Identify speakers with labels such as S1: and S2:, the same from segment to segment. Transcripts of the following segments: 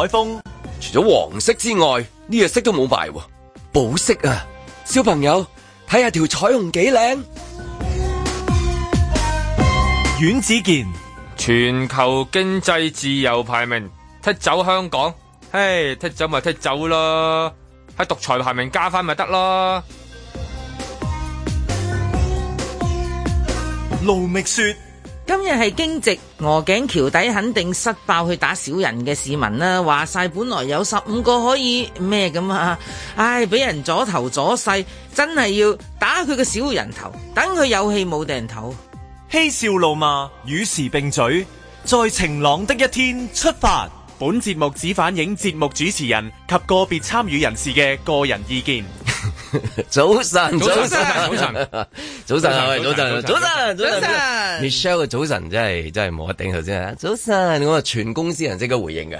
S1: 海風，除咗黃色之外，呢隻色都冇埋喎。寶色啊，小朋友睇下條彩虹幾靚。
S2: 阮子健，全球經濟自由排名踢走香港，嘿，踢走咪踢走咯，喺獨裁排名加翻咪得咯。
S3: 盧覓雪。今日係驚蟄，鵝頸橋底，肯定失爆去打小人嘅市民啦。話晒，本來有十五個可以咩咁啊，唉，俾人阻頭阻勢，真係要打佢個小人頭，等佢有氣冇掟頭。嬉笑怒罵，與時並舉，在晴朗的一天出發。本節目只反映節目主
S1: 持人及個別參與人士嘅個人意見。早晨，早晨，早晨，早晨係咪？早晨，早晨，早晨，Michelle 嘅早晨真係真係冇得頂頭先啊！早晨，我講全公司人即刻回應嘅，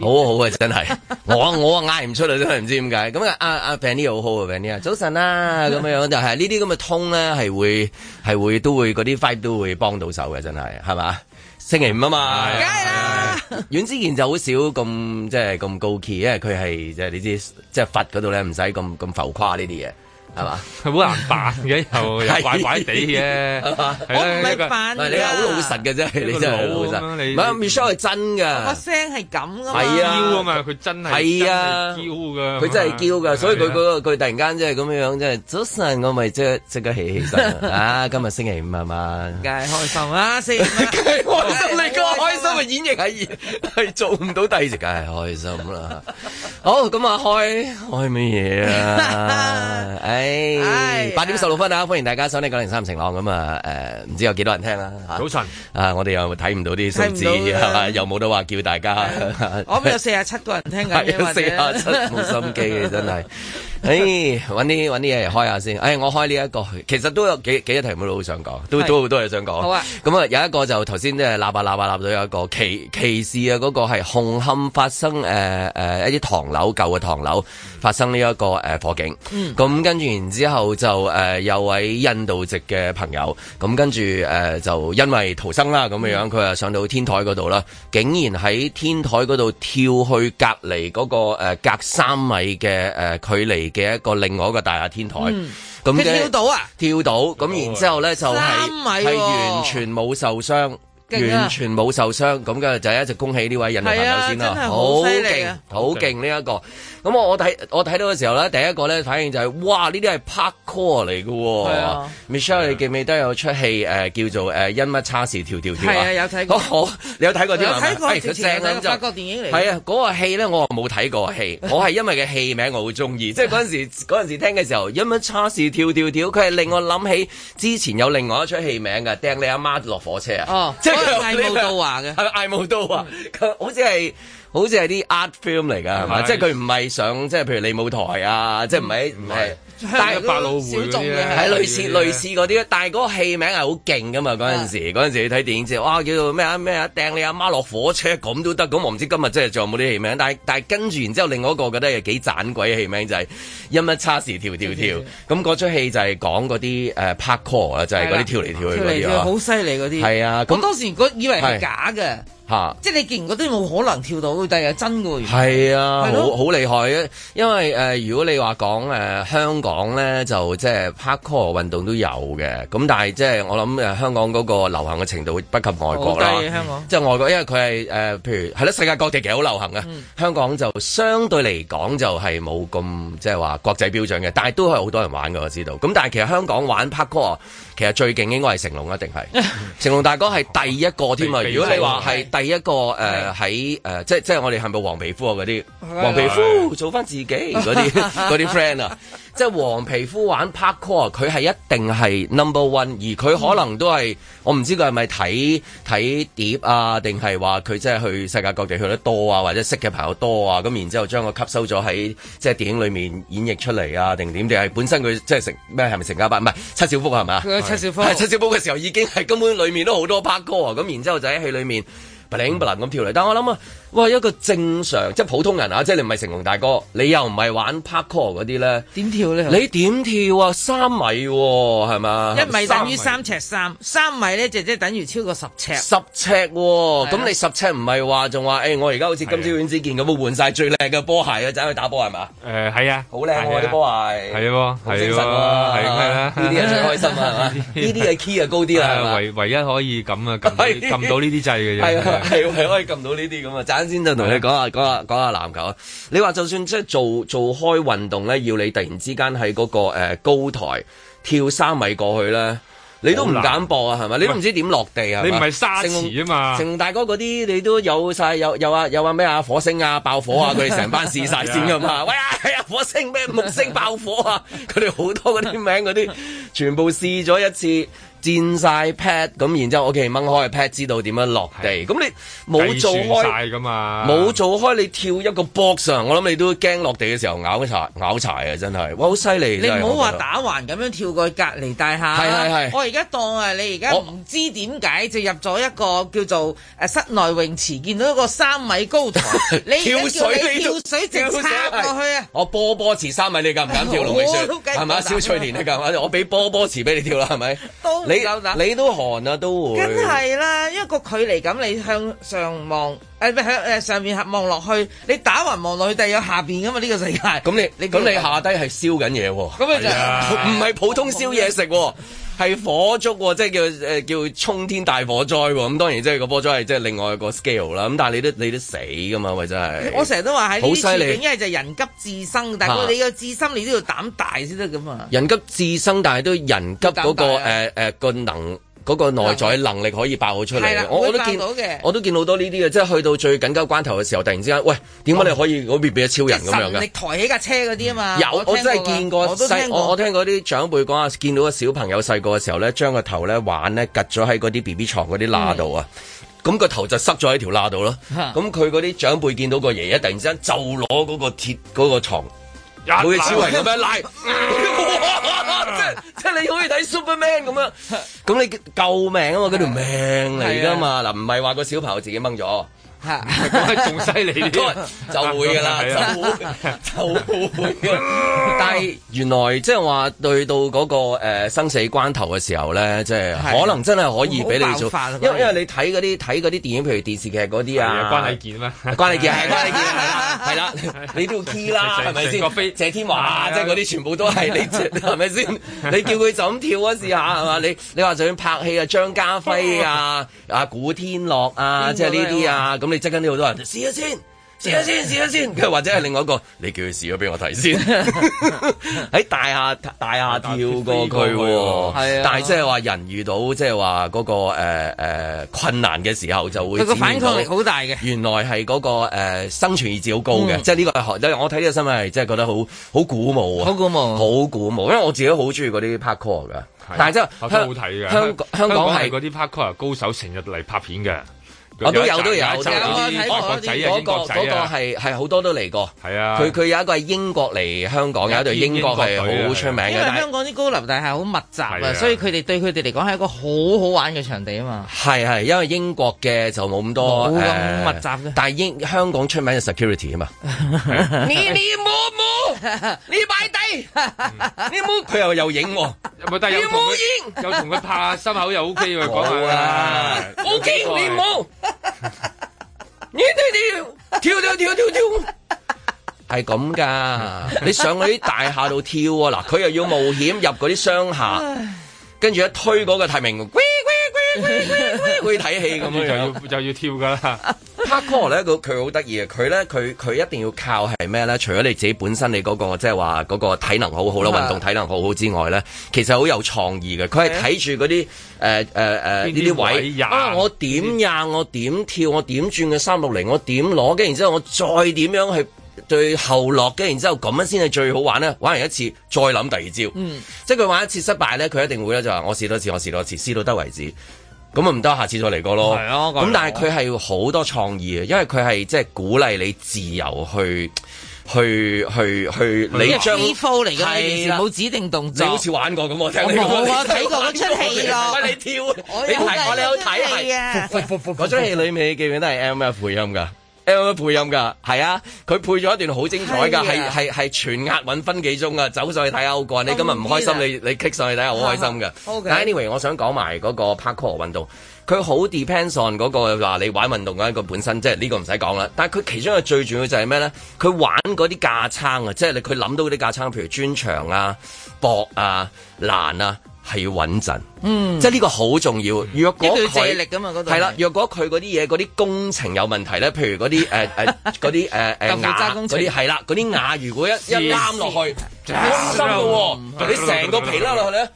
S1: 好好啊，真係。我我嗌唔出嚟，真係唔知點解。咁啊，阿阿 Ben 呢又好啊，Ben 呢啊，早晨啊，咁樣樣就係呢啲咁嘅通咧，係會係會都會嗰啲 fight 都會幫到手嘅，真係係嘛？星期五啊嘛。阮 之賢就好少咁即係咁高 key，因為佢係即係你知，即係佛嗰度咧，唔使咁咁浮誇呢啲嘢。係嘛，
S2: 佢好難扮嘅，又又怪怪地嘅。我唔係
S1: 扮，你係好老實嘅啫，你真係好老實。唔係 Michelle 係真噶，個
S3: 聲係咁噶嘛，嬌
S1: 啊嘛，佢真係，係啊，嬌
S3: 噶，佢真係嬌噶，所以佢佢佢
S1: 突然間即係咁樣樣，即係早晨我咪即即刻起起身啦。啊，今日星期五係嘛，梗
S3: 係開心啦，星期五梗係
S1: 開心。你個開心嘅演繹係，係做唔到第二隻，梗係開心啦。好，咁啊開開咩嘢啊？誒。八點十六分啊！歡迎大家收聽《九零三晴朗》咁啊，誒，唔知有幾多人聽啦？早晨啊，我哋又睇唔到啲數字又冇得話叫大家。我邊有四
S3: 十七個人聽噶，四十七冇心
S1: 機嘅真係。誒，搵啲啲嘢開下先。誒，我開呢一個，其實都有幾幾多題目都好想講，都都都係想講。好啊。咁啊，有一個就頭先即係喇叭喇叭，喇到有一個歧歧視啊，嗰個係紅磡發生誒誒一啲唐樓舊嘅唐樓。發生呢一個誒火警，咁跟住然之後就誒有位印度籍嘅朋友，咁跟住誒就因為逃生啦咁嘅樣，佢啊上到天台嗰度啦，竟然喺天台嗰度跳去隔離嗰個隔三米嘅誒距離嘅一個另外一個大廈天台，咁跳到啊跳到，咁然之後咧就
S3: 係係完
S1: 全冇受傷，完全冇受傷，咁跟住就一直恭喜呢位印度朋友先啦，好勁，好勁呢一個。咁我我睇我睇到嘅時候咧，第一個咧反應就係，哇！呢啲係 Parkour 嚟嘅，Michelle 你記唔記得有出戲誒叫做誒《因乜差事跳跳跳》？啊？係啊，有睇。好，你有睇過啲嘛？睇過，之前睇法國電影嚟。係啊，嗰個戲咧，我冇睇過戲，我係因為嘅戲名我好中意，即係嗰陣時嗰陣時聽嘅時候《因乜差事跳跳跳》。佢係令我諗起之前有另外一出戲名嘅掟你阿媽落火車啊！哦，即係艾慕多華嘅係咪？艾慕多華，佢好似係。好似係啲 art film 嚟噶，係嘛？即係佢唔係上，即係譬如你舞台啊，即係唔喺，係但係百老匯，嗰啲，係類似類似嗰啲。但係嗰戲名係好勁噶嘛？嗰陣時，陣時你睇電影之後，哇，叫做咩啊咩啊，掟你阿媽落火車咁都得。咁我唔知今日真係仲有冇啲戲名。但係但係跟住然之後，另外一個覺得又幾盞鬼嘅戲名就係 one a 差時跳跳跳。咁嗰出戲就係講嗰啲誒 parkour 啊，就係嗰啲跳嚟跳去嗰啲，好
S3: 犀利嗰啲。係啊，咁當時我以為係假嘅。吓！啊、即係你既然嗰啲冇可能跳到，但係真㗎喎，係
S1: 啊，的好好，好厲害啊！因為誒、呃，如果你話講誒香港咧，就即係 parkour 運動都有嘅。咁但係即係我諗誒、呃，香港嗰個流行嘅程度會不及外國啦。的嗯、即係外國，因為佢係誒，譬如係啦，世界各地其實好流行啊。嗯、香港就相對嚟講就係冇咁即係話國際標準嘅，但係都係好多人玩㗎。我知道。咁但係其實香港玩 parkour 其實最勁應該係成龍啊，一定係 成龍大哥係第一個添啊！如果你話係第一個，誒喺誒，即即係我哋係咪黃皮膚嗰啲黃皮膚 做返自己嗰啲嗰啲 friend 啊？即係黃皮膚玩 Parkour，佢係一定係 number one，而佢可能都係我唔知佢係咪睇睇碟啊，定係話佢即係去世界各地去得多啊，或者識嘅朋友多啊，咁然之後將佢吸收咗喺即係電影裏面演繹出嚟啊，定點定係本身佢即係成咩係咪成家班，唔係七小福係啊，七小福係係七小福嘅時候已經係根本裏面都好多 Parkour 啊，咁然之後就喺戲裏面。不靈不靈咁跳嚟，但我諗啊，哇一個正常即係普通人啊，即係你唔係成龍大哥，你又唔係玩 parkour 嗰啲咧？點跳咧？你點跳啊？三米喎，係咪？一米等於三
S3: 尺三，三米咧就即係等於超過十尺。十
S1: 尺喎，咁你十尺唔係話仲話？誒，我而家好似今朝丸子健咁，換晒最靚嘅波鞋啊，走去打波係嘛？誒，係啊，好靚喎啲波
S2: 鞋，係咯，係咯，呢啲人最開心啊嘛，呢啲係 key 啊高啲啊唯唯一可以咁啊，撳到呢啲掣嘅嘢。
S1: 係咪 可以撳到呢啲咁啊？陣間先就同你講下
S2: 講 下講下籃球啊！
S1: 你話就算即係做做開運動咧，要你突然之間喺嗰個高台跳三米過去咧，你都唔敢搏啊，係咪？你都唔知點落地啊？你唔係沙池啊嘛？程大哥嗰啲你都有晒，有有啊有啊咩啊火星啊爆火啊，佢哋成班試晒 先噶嘛？喂啊火星咩木星爆火啊？佢哋好多嗰啲名嗰啲，全部試咗一次。墊晒 pad 咁，然之後屋企掹開個 pad，知道點樣落地。咁你冇做開
S3: 㗎嘛，冇
S1: 做開，你跳一個 box 上，我諗你都驚落地嘅時候咬一柴，咬柴啊！真係，哇，好犀利！你唔好話打
S3: 橫咁樣跳過隔離大廈。係係係。我而家當啊，你而家唔知點解就入咗一個叫做誒室內泳池，見到一個三米高台。你跳水跳水，直插過去啊！
S1: 我波波池三米，你敢唔敢跳？龍尾船係嘛？小翠蓮你㗎我俾波波池俾你跳啦，係咪？你,你都寒啊，都梗真係
S3: 啦，因為個距離咁，你向上望，誒、欸、向誒上面望落去，你打橫望落去，地有下邊㗎嘛，呢、呢個世界。咁你，咁對 你下
S1: 低係燒緊嘢喎。咁咪就唔、是、係呀、啊、普通燒嘢食喎。 係火燭，即係叫誒、呃、叫沖天大火災喎。咁、嗯、當然即係個火災係即係另外一個 scale 啦。咁但係你都你都死㗎嘛，咪真係。我成日都話喺呢啲處境，一係
S3: 就係人急智生，但係、嗰個啊、你個智心你都要膽大先得㗎嘛。
S1: 人急智生，但係都人急嗰、嗰個誒誒、啊呃呃呃、能。嗰個內在能力可以爆好出嚟嘅，我都見，我都見到好多呢啲嘅，即係去到最緊急關頭嘅時候，突然之間，喂，點解你可以嗰 B B 超人咁樣嘅？你
S3: 抬起架車嗰啲啊嘛？有，我真係見過細，我我
S1: 聽嗰啲長輩講啊，見到個小朋友細個嘅時候咧，將個頭咧玩咧，擳咗喺嗰啲 B B 床嗰啲罅度啊，咁個頭就塞咗喺條罅度咯。咁佢嗰啲長輩見到個爺爺突然之間就攞嗰個鐵嗰個牀，
S3: 好似超人咁樣拉。
S1: 即係即係你可以睇 Superman 咁樣，咁 你救命啊嘛，嗰條命嚟噶嘛，嗱唔係話個小朋友自己掹咗。
S3: 吓，仲犀利啲，就會噶啦，就會，就會嘅。
S1: 但係原來即係話對到嗰個誒生死關頭嘅時候咧，即係可能真係可以俾你做。因為因為你睇嗰啲睇嗰啲電影，譬如電視劇嗰啲啊。關禮傑啦，關禮傑係關禮傑係啦，係啦，你都要 key 啦，係咪先？謝天華即係嗰啲全部都係你，係咪先？你叫佢就咁跳嗰時下，係嘛？你你話就算拍戲啊，張家輝啊，啊古天樂啊，即係呢啲啊咁。你即緊啲好多人，試下先，試下先，試下先。 或者係另外一個，你叫佢試咗俾我睇先。喺 大廈大廈跳過佢，啊啊、但係即係話人遇到即係話嗰個誒、呃呃、困難嘅時候，就會佢反抗力好大嘅。原來係嗰、嗰個、呃、生存意志好高嘅。即係呢個我睇呢個新聞係真係覺得好好鼓舞啊！好鼓舞，好鼓舞。因為我自己好中意嗰啲
S2: parkour 㗎。但係真係好睇㗎，香港香港香港係嗰啲 parkour 高手，成日嚟拍片嘅。我都有都有，我睇過嗰個嗰個係係好多都嚟過，係啊，
S1: 佢佢有一個係英國嚟香港有一對英國係好出名嘅，因為香
S3: 港啲高樓大廈好密集啊，所以佢哋對佢哋嚟講係一個好好玩嘅場地啊嘛。
S1: 係係，因為英國嘅就冇咁多，咁密集嘅。但係英香港出名係 security 啊嘛。
S2: 你你
S3: 冇冇？你買地？
S2: 你冇？佢又又影喎，唔係但係又同佢又同佢拍下心口又 OK 喎，講下 OK，冇。
S1: 你跳跳跳跳跳，係咁噶？你上去嗰啲大廈度跳啊！嗱，佢又要冒險入啲商廈，跟住唉一推個提名。咕咕
S3: 會會睇戲咁嘅樣，就
S2: 要就要跳噶啦。
S1: Parkour 咧，佢佢好得意嘅，佢咧佢佢一定要靠係咩咧？除咗你自己本身你嗰個即係話嗰個體能好好啦，運動體能好好之外咧，其實好有創意嘅。佢係睇住嗰啲誒誒誒呢啲位，我點呀我點跳我點轉嘅三六零，我點攞，跟住然之後我再點樣去對後落，跟住然之後咁樣先係最好玩呢？玩完一次再諗第二招。即係佢玩一次失敗咧，佢一定會咧就話我試多次，我試多次，試到得為止。咁啊唔得，下次再嚟過咯。咁但係佢係好多創意嘅，因為佢係即係鼓勵你自由去去去去你 freeform
S3: 嚟㗎，冇指定動作。好似玩過咁，我聽你講。我睇過嗰出戲㗎。喂，你跳。你睇，我有
S1: 睇啊。嗰出戲裏面基本都係 M F 配音㗎。聽咩配音噶？係啊，佢配咗一段好精彩噶，係係係全押韻分幾鐘噶。 走上去睇下好過，你今日唔開心，你你 kick 上去睇下，好開心噶。嗯 okay、anyway，我想講埋嗰個 parkour 運動，佢好 depends on 嗰、嗰個話你玩運動嘅一個本身即係呢個唔使講啦。但係佢其中嘅最重要就係咩咧？佢玩嗰啲架撐啊，即係你佢諗到嗰啲架撐，譬如磚牆啊、博啊、欄啊。係要穩陣，嗯，即係呢個好重要。若果對借力咁嘛，嗰度係啦。若果佢嗰啲嘢，嗰啲工程有問題咧，譬如嗰啲誒誒，嗰啲誒誒，嗰啲係啦，啲瓦如果一一攬落去，好深噶喎！你成個皮甩落去咧，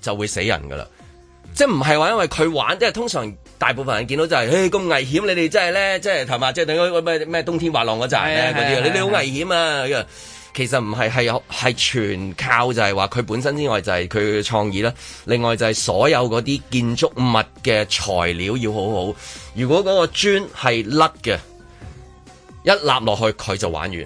S1: 就會死人噶啦。即係唔係話因為佢玩，即係通常大部分人見到就係，誒咁危險！你哋真係咧，即係頭埋，即係等於咩咩冬天滑浪嗰陣嗰啲你哋好危險啊！其實唔係係有係全靠就係話佢本身之外就係佢嘅創意啦，另外就係所有嗰啲建築物嘅材料要好好。如果嗰個磚係甩嘅，一立落去佢就玩完。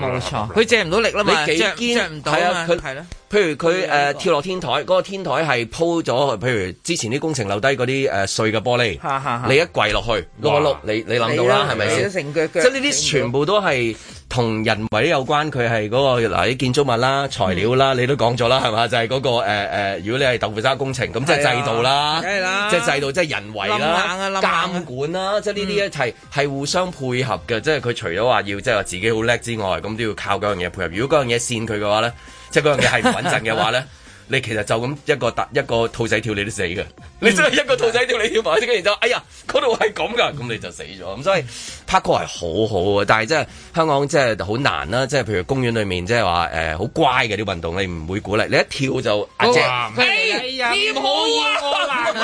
S1: 冇錯，佢借唔到力啦嘛，你著著唔到嘛，係咯。譬如佢誒跳落天台，嗰個天台係鋪咗，譬如之前啲工程留低嗰啲誒碎嘅玻璃，你一跪落去碌碌，你你諗到啦，係咪？成
S3: 腳。即係呢啲全
S1: 部都係同人為有關，佢係嗰個嗱啲建築物啦、材料啦，你都講咗啦，係嘛？就係嗰個誒，如果你係豆腐渣工程，咁即係制度啦，梗係啦，即係制度，即係人為啦、監管啦，即係呢啲一齊係互相配合嘅，即係佢除咗話要即係話自己好叻之外，咁都要靠嗰樣嘢配合。如果嗰樣嘢跣佢嘅話咧。 即係嗰樣嘢係唔穩陣嘅話咧，你其實就咁一個突一個兔仔跳，你都死嘅。你真係一個兔仔跳，你跳埋先，然之後就，哎呀，嗰度係咁噶，咁你就死咗。咁所以 parkour 係好好啊，但係真係香港真係好難啦。即係譬如公園裏面，即係話誒好乖嘅啲運動，你唔會鼓勵你一跳就阿姐
S3: 點好啊？係啊，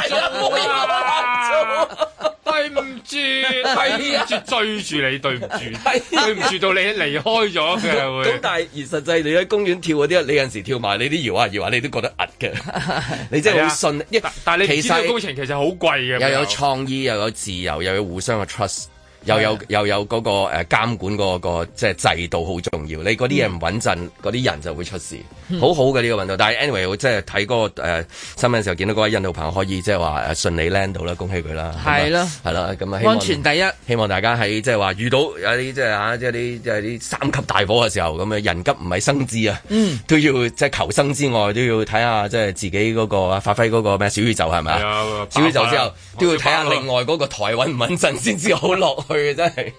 S3: 冇錯、啊。 對唔住，係住
S2: 追住你，對唔
S3: 住，對唔住到
S2: 你離開咗，
S1: 佢會。咁但係而實際你喺公園跳嗰啲，你有時跳埋你啲搖下搖下，你都覺得壓嘅， 你真係好信，
S2: 一、啊、但，但你其實工程其實好貴嘅，又實有
S1: 創意，又有，有自由，又有，有互相嘅 trust。一又有又有嗰個誒監管嗰個即係制度好重要，你嗰啲嘢唔穩陣，嗰啲人就會出事。嗯、好好嘅呢個運動，但係 anyway，即係睇嗰個誒、呃、新聞時候，見到嗰位印度朋友可以即係話誒順利 land 到啦，恭喜佢啦。係啦，係啦，咁啊，安全第一，希望大家喺即係話遇到有啲即係嚇即係啲即係啲三級大火嘅時候，咁啊人急唔係生智啊，嗯、都要即係求生之外，都要睇下即係自己嗰個啊發揮嗰個咩小宇宙係咪啊？是是對小宇宙之後都要睇下另外嗰個台穩唔穩陣先至好落去。 真係，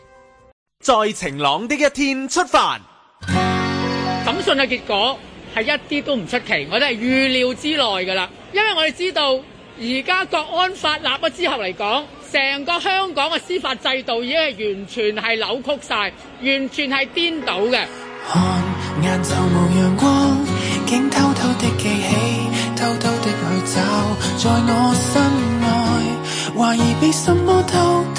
S1: 在 晴朗的一天出發。
S2: 審訊嘅結果係一啲都唔出奇，我哋係預料之內嘅啦。
S3: 因為我哋知道，而家國安法立咗之後嚟講，成個香港嘅司法制度已經係完全係扭曲晒，完全係顛倒嘅。眼就無陽光，竟偷偷的記起，偷偷的去走在我心內懷疑被什麼都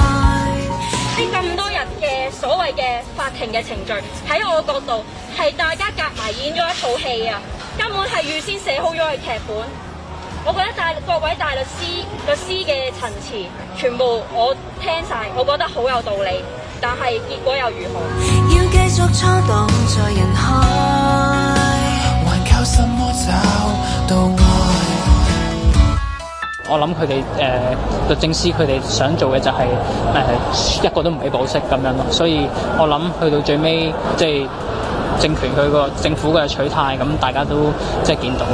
S1: 所謂嘅法庭嘅程序，喺我角度
S4: 係大家夾埋演咗一套戲啊！根本係預先寫好咗嘅劇本。我覺得大各位大律師律師嘅陳詞，全部我聽
S3: 晒。我覺得好有道理，但係結果又如何？要繼續在人海，還靠什麼找？
S2: 我諗佢哋誒律政司，佢哋想做嘅就係誒一個都唔俾保釋咁樣咯，所以我諗去到最尾，即係政權佢個政府嘅取態，咁大家都即係見到。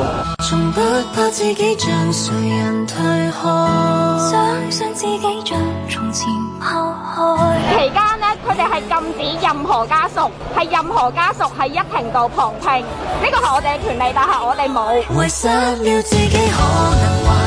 S3: 從不怕自己將誰人推開，相信自己將從前拋開。期間呢，佢哋係禁止任何家屬，係任何家屬係一庭到旁聽，呢個係我哋嘅權利，但係我哋冇。遺失了自己可
S1: 能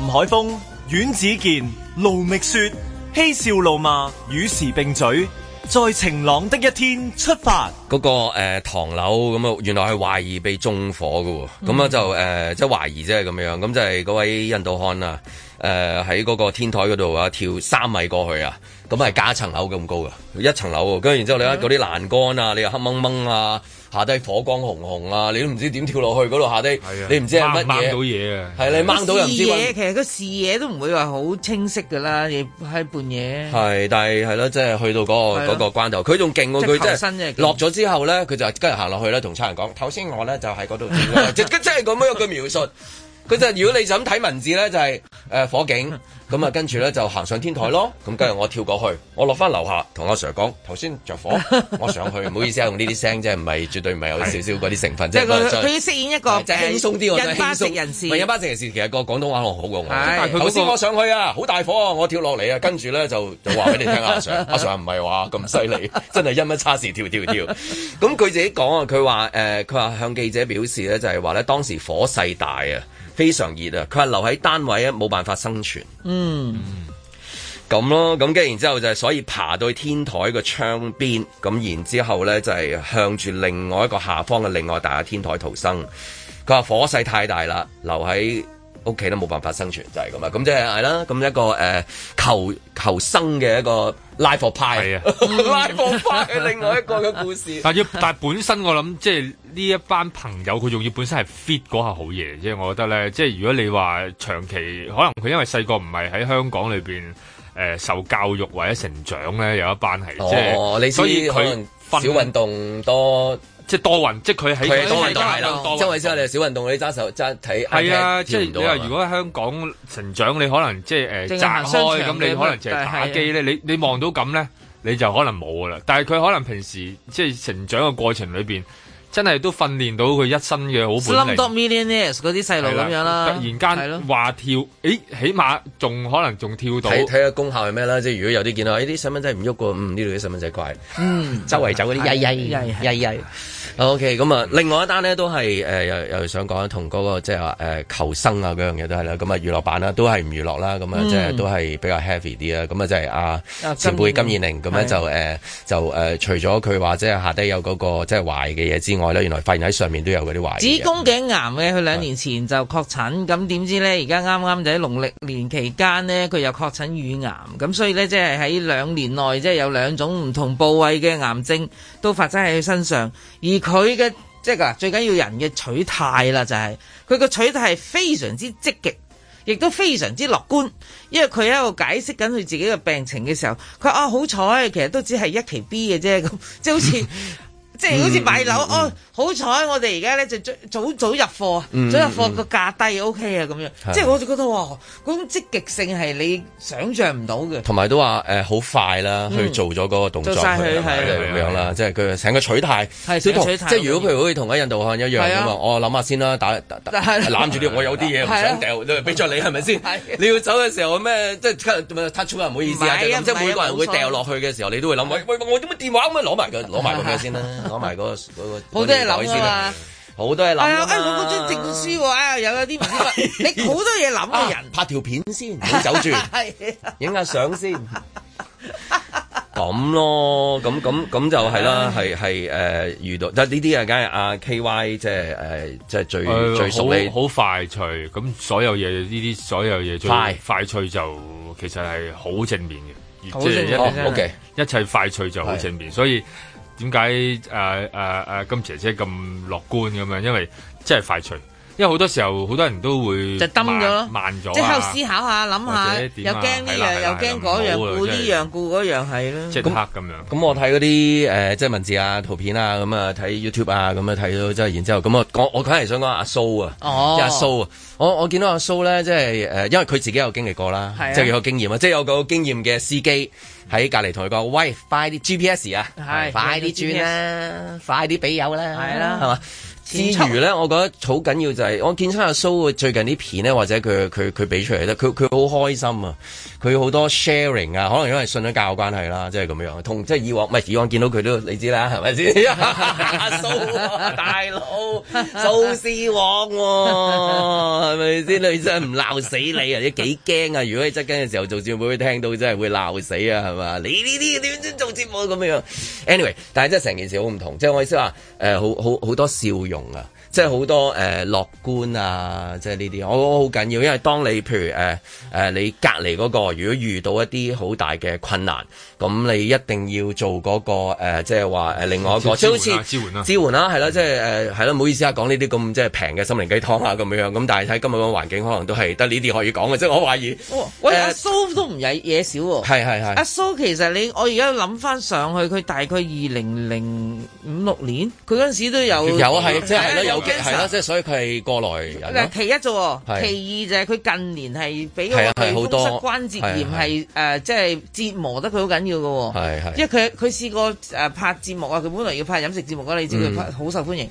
S1: 林海峰、阮子健、盧覓雪、嬉笑怒罵，與時並嘴，在晴朗的一天出發。嗰、那個誒、呃、唐樓咁啊，原來係懷疑被縱火噶，咁啊、嗯、就誒、呃、即係懷疑即係咁樣，咁就係嗰位印度漢啊。誒喺嗰個天台嗰度啊，跳三米過去啊，咁係加層樓咁高噶，一層樓喎。跟住然之後，後你睇嗰啲欄杆啊，你又黑掹掹啊，下低火光紅紅啊，你都唔知點跳落去嗰度下低，你唔知係乜嘢掹到嘢啊！係你掹到人知嘢，
S3: 其實個視野都唔會話好清晰噶啦，你喺半夜。
S1: 係，但係係咯，即係、啊就是、去到嗰、那個嗰、啊、個關頭，佢仲勁喎，佢即係落咗之後咧，佢就跟住行落去咧，同差人講，頭先我咧就喺嗰度，即即係咁樣嘅描述。 佢就如果你想睇文字咧，就係誒火警咁啊，跟住咧就行上天台咯。咁跟住我跳過去，我落翻樓下同阿 Sir 講，頭先着火，我上去，唔好意思啊，用呢啲聲真係唔係絕對唔係有少少嗰啲成分。即佢佢要
S3: 飾演一個輕鬆啲嘅人，輕鬆
S1: 人士。唔係輕鬆人士，其實個廣東話我好過我。頭先我上去啊，好大火啊，我跳落嚟啊，跟住咧就就話俾你聽阿 Sir，阿 Sir 唔係話咁犀利，真係因乜叉事跳跳跳。咁佢自己講啊，佢話誒，佢話向記者表示咧，就係話咧當時火勢大啊。非常熱啊！佢話留喺單位咧冇辦法生存，
S3: 嗯，
S1: 咁咯，咁跟然之後就係所以爬到去天台個窗邊，咁然之後呢，就係向住另外一個下方嘅另外大嘅天台逃生。佢話火勢太大啦，留喺。屋企都冇辦法生存就係，是，咁，就是呃、啊，咁即係係啦，咁
S2: 一個誒求求生嘅一個拉貨派
S3: 啊，拉貨派另
S1: 外一個嘅故事。 但要但
S2: 本身我諗即係呢一班朋友佢仲要本身係 fit 嗰下好嘢，即係我覺得咧，即係如果你話長期可能佢因為細個唔係喺香港裏邊誒受教育或者成長咧，有一班係，哦、即係是所以佢小運動多。即係多運，即係佢喺多運動，周偉先
S1: 你係少運動嗰啲揸手揸睇，係啊，即係你話如
S2: 果喺香港成長，你可能即係誒揸開咁，你可能就係打機咧。你你望到咁咧，你就可能冇噶啦。但係佢可能平時即係成長嘅過程裏邊。真係都訓練到佢一身嘅好本領。Slumdog
S3: Millionaire 嗰啲細路咁樣啦，突
S2: 然間話跳，誒，起碼仲可能仲跳到睇睇下功效係咩啦？即係如果有啲見到，依啲細蚊
S1: 仔唔喐過，呢度啲
S2: 細蚊仔怪，
S3: 周圍走嗰啲曳曳
S1: 曳曳。O K，咁啊，另外一單呢都係誒又又想講同嗰個即係話誒求生啊嗰樣嘢都係啦。咁啊娛樂版啦都係唔娛樂啦，咁啊即係都係比較 heavy 啲啦。咁啊就係啊前輩金燕玲咁樣就誒就誒除咗佢話即係下低有嗰個即係壞嘅嘢之外。原來發現喺上面都有嗰啲壞，子
S3: 宮頸癌嘅，佢兩年前就確診，咁點知呢？而家啱啱就喺農曆年期間呢，佢又確診乳癌，咁所以呢，即係喺兩年內，即係有兩種唔同部位嘅癌症都發生喺佢身上。而佢嘅即係嗱，最緊要人嘅取態啦，就係佢個取態係非常之積極，亦都非常之樂觀，因為佢喺度解釋緊佢自己嘅病情嘅時候，佢啊好彩，其實都只係一期 B 嘅啫，咁即係好似。
S5: 即係好似買樓哦，
S3: 好彩我哋而家咧就早早入貨，早入貨個價低 OK 啊咁樣。即係我就覺得哇嗰種積極性係你想象唔到嘅。
S1: 同埋都話誒好快啦，去做咗嗰個動作，做曬去係咁樣啦，即係佢請個取態，小同即係如果譬如同阿印度漢一樣咁嘛，我諗下先啦，打打攬住啲，我有啲嘢唔想掉，你俾咗你係咪先？你要走嘅時候咩？即係 cut out 唔好意思啊，即係每個人會掉落去嘅時候，你都會諗喂喂，我點乜電話咁啊？攞埋個攞埋個咩先啦？攞埋嗰嗰個好多嘢諗啊！好多嘢諗。係啊，誒我嗰張證
S3: 書喎，啊有有啲唔知你好多嘢諗嘅人。
S1: 拍條片先，走住。
S3: 係，
S1: 影下相先。咁咯，咁咁咁就係啦，係係誒遇到，就呢啲啊，梗係阿 K Y 即係誒，即係最最速
S2: 好快脆。咁所有嘢呢啲，所有嘢快快脆就其實係好正面嘅，即係 OK 一切快脆就好正面，所以。點解誒誒誒金姐姐咁樂觀咁樣？因為真係快脆。因為好多時候，好多人都會就登咗，慢咗，即刻思
S3: 考下、諗下，又驚呢樣，又驚嗰樣，顧呢樣，顧嗰樣，係咯。即
S2: 刻咁樣。咁我睇嗰啲
S1: 誒，即係文字啊、圖片啊，咁啊睇 YouTube 啊，咁啊睇到之後，然之後咁啊，我我梗係想講阿蘇啊，哦，阿蘇啊，我我見到阿蘇咧，即係誒，因為佢自己有經歷過啦，即係有經驗啊，即係有個經驗嘅司機喺隔離同佢講，喂，快啲 GPS 啊，
S3: 快啲轉啦，快啲俾油啦，係啦，係嘛？
S1: 之餘咧，我覺得好緊要就係我見親阿蘇最近啲片咧，或者佢佢佢俾出嚟咧，佢佢好開心啊！佢好多 sharing 啊，可能因為信咗教嘅關係啦，即係咁樣，同即係以往唔係以往見到佢都你知啦，係咪先？
S3: 蘇 大佬蘇施黃喎、
S1: 啊，係咪先？你真係唔鬧死你啊！你幾驚啊！如果你執緊嘅時候做節目，會聽到真係會鬧死啊，係嘛？你呢啲點先做節目咁樣？anyway，但係真係成件事好唔同，即、就、係、是、我意思話誒、呃，好好好多笑容啊！即係好多誒、呃、樂觀啊！即係呢啲，我覺得好緊要，因為當你譬如誒誒、呃呃、你隔離嗰、那個，如果遇到一啲好大嘅困難，咁你一定要做嗰、那個、呃、即係話誒另外一個，即係好似支援啦、啊，即支援啦、啊，係啦、啊，嗯啊嗯、即係誒係啦，唔、呃、好意思啊，講呢啲咁即係平嘅心靈雞湯啊咁樣樣，咁但係睇今日個環境，可能都係得呢啲可以講嘅，即係我懷疑。
S3: 喔、喂，uh、阿蘇都唔係嘢少喎，係係阿蘇其實你我而家諗翻上去，佢大概二零零五六年，佢嗰陣時都有有係即係啦係啦，即係所以佢係過來人。其一啫、哦，是其二就係佢近年係比較成功。關節炎係誒是、呃，即係折磨得佢好緊要嘅喎、哦。是是是因為佢佢試過誒拍節目啊，佢本來要拍飲食節目嘅，你知佢好、嗯、受歡迎。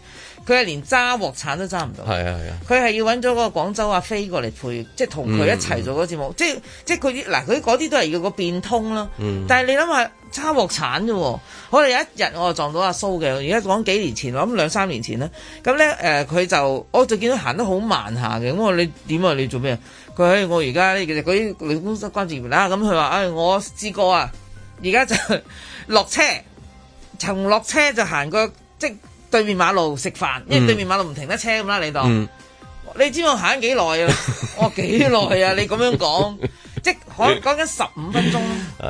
S3: 佢係連揸鑊鏟都揸唔到，係啊係啊！佢係、啊、要揾咗嗰個廣州阿、啊、飛過嚟陪，即係同佢一齊做嗰個節目，嗯、即係即係佢啲嗱，佢嗰啲都係要個變通咯。嗯、但係你諗下，揸鑊鏟啫喎，可能有一日我又撞到阿蘇嘅。而家講幾年前，我諗兩三年前咧，咁咧誒，佢、呃、就我就見到行得好慢下嘅，咁我你點啊？你做咩啊？佢喺我而家嗰啲航空公司關節炎啦，咁佢話誒，我知、欸、過啊，而家就落車，曾落車就行個即。對面馬路食飯，因為對面馬路唔停得車咁啦，你當、嗯、你知我行幾耐啊？我幾耐啊？你咁樣講，即係講講緊十五分鐘，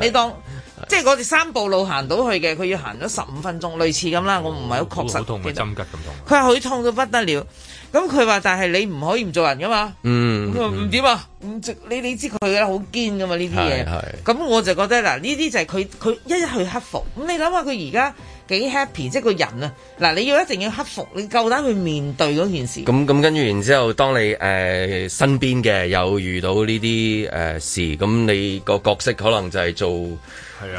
S3: 你當 即係我哋三步路行到去嘅，佢要行咗十五分鐘，類似咁啦。我唔係好確實。好、哦、痛，得痛啊！針灸咁痛。佢話佢痛到不得了，咁佢話，但係你唔可以唔做人噶嘛。嗯。咁啊唔點啊？你你知佢嘅好堅噶嘛呢啲嘢。係係。咁我就覺得嗱，呢啲就係佢佢一一去克服。咁你諗下佢而家。幾 happy，即係個人啊！嗱，你要一定要克服，你夠膽去面對嗰件事。咁
S1: 咁，跟住然之後，當你誒身邊嘅有遇到呢啲誒事，咁你個角色可能就係做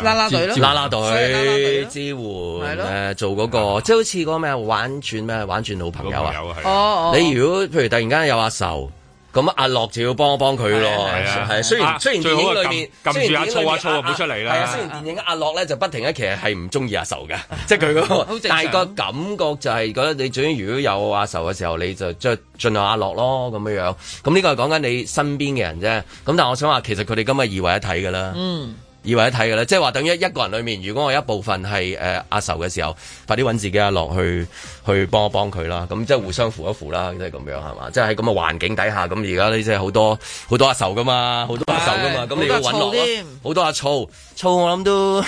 S4: 啦
S3: 啦隊咯，啦啦
S1: 隊支援誒，做嗰個即係好似嗰咩玩轉咩玩轉老朋友啊！
S3: 你如
S1: 果譬如突然間有阿愁。咁阿樂就要幫一幫佢咯，係雖然、啊、雖然電影裏邊雖然阿粗阿粗唔會出嚟啦、啊，係啊，啊，啊，雖然電影阿樂咧就不停咧，其實係唔中意阿愁嘅， 即係佢嗰個， 正常 但係個感覺就係覺得你總之如果有阿愁嘅時候，你就著盡量阿樂咯，咁樣樣。咁呢個係講緊你身邊嘅人啫。咁但係我想話，其實佢哋今日二為一體噶啦。嗯以為一睇嘅咧，即係話等於一個人裏面，如果我一部分係誒、呃、阿愁嘅時候，快啲揾自己阿樂去去幫一幫佢啦，咁即係互相扶一扶啦、就是，即係咁樣係嘛？即係喺咁嘅環境底下，咁而家呢即係好多好多阿愁噶嘛，好多阿愁噶嘛，咁你要揾樂好多阿醋，醋我
S3: 諗都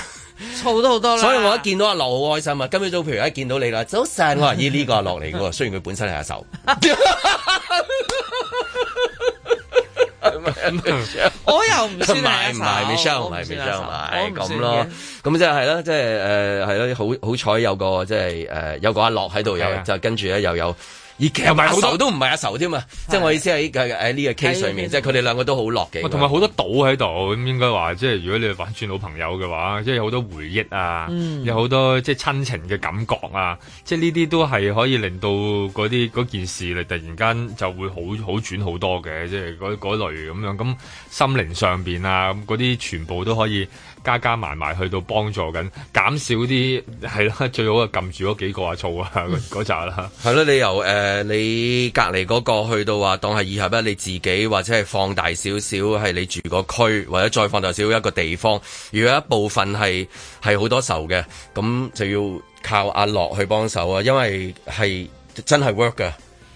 S3: 醋都好多啦。所以我一
S1: 見到阿樂好開心啊！今朝早譬如一見到你啦上， 早晨我話咦呢個阿樂嚟嘅喎，雖然佢本身係阿愁。
S3: 我又唔算唔
S1: 係唔係 Michelle，唔係 Michelle，唔係咁咯。咁即係係咧，即係誒係咯，好好彩有個，即係誒、呃、有個阿樂喺度，有的就跟住咧又有。而其實唔係阿仇都
S2: 唔係阿仇添啊，的即
S1: 係我意思喺喺呢個 case 上面，的即係佢哋
S2: 兩個都好落嘅。同埋好多島喺度，咁應該話即係如果你哋玩轉老朋友嘅話，即有好多回憶啊，嗯、有好多即係親情嘅感覺啊，即係呢啲都係可以令到嗰啲件事咧突然間就會好好轉好多嘅，即係嗰類咁樣咁心靈上邊啊，咁嗰啲全部都可以。加加埋埋去到幫助緊，減少啲係啦，最好啊撳住嗰幾個啊措啊嗰扎啦。係咯，你由誒你隔
S1: 離嗰個去到話當係以後咧，你自己或者係放大少少係你住個區，或者再放大少少一個地方。如果一部分係係好多仇嘅，咁就要靠阿樂去幫手啊，因為係真係 work 㗎。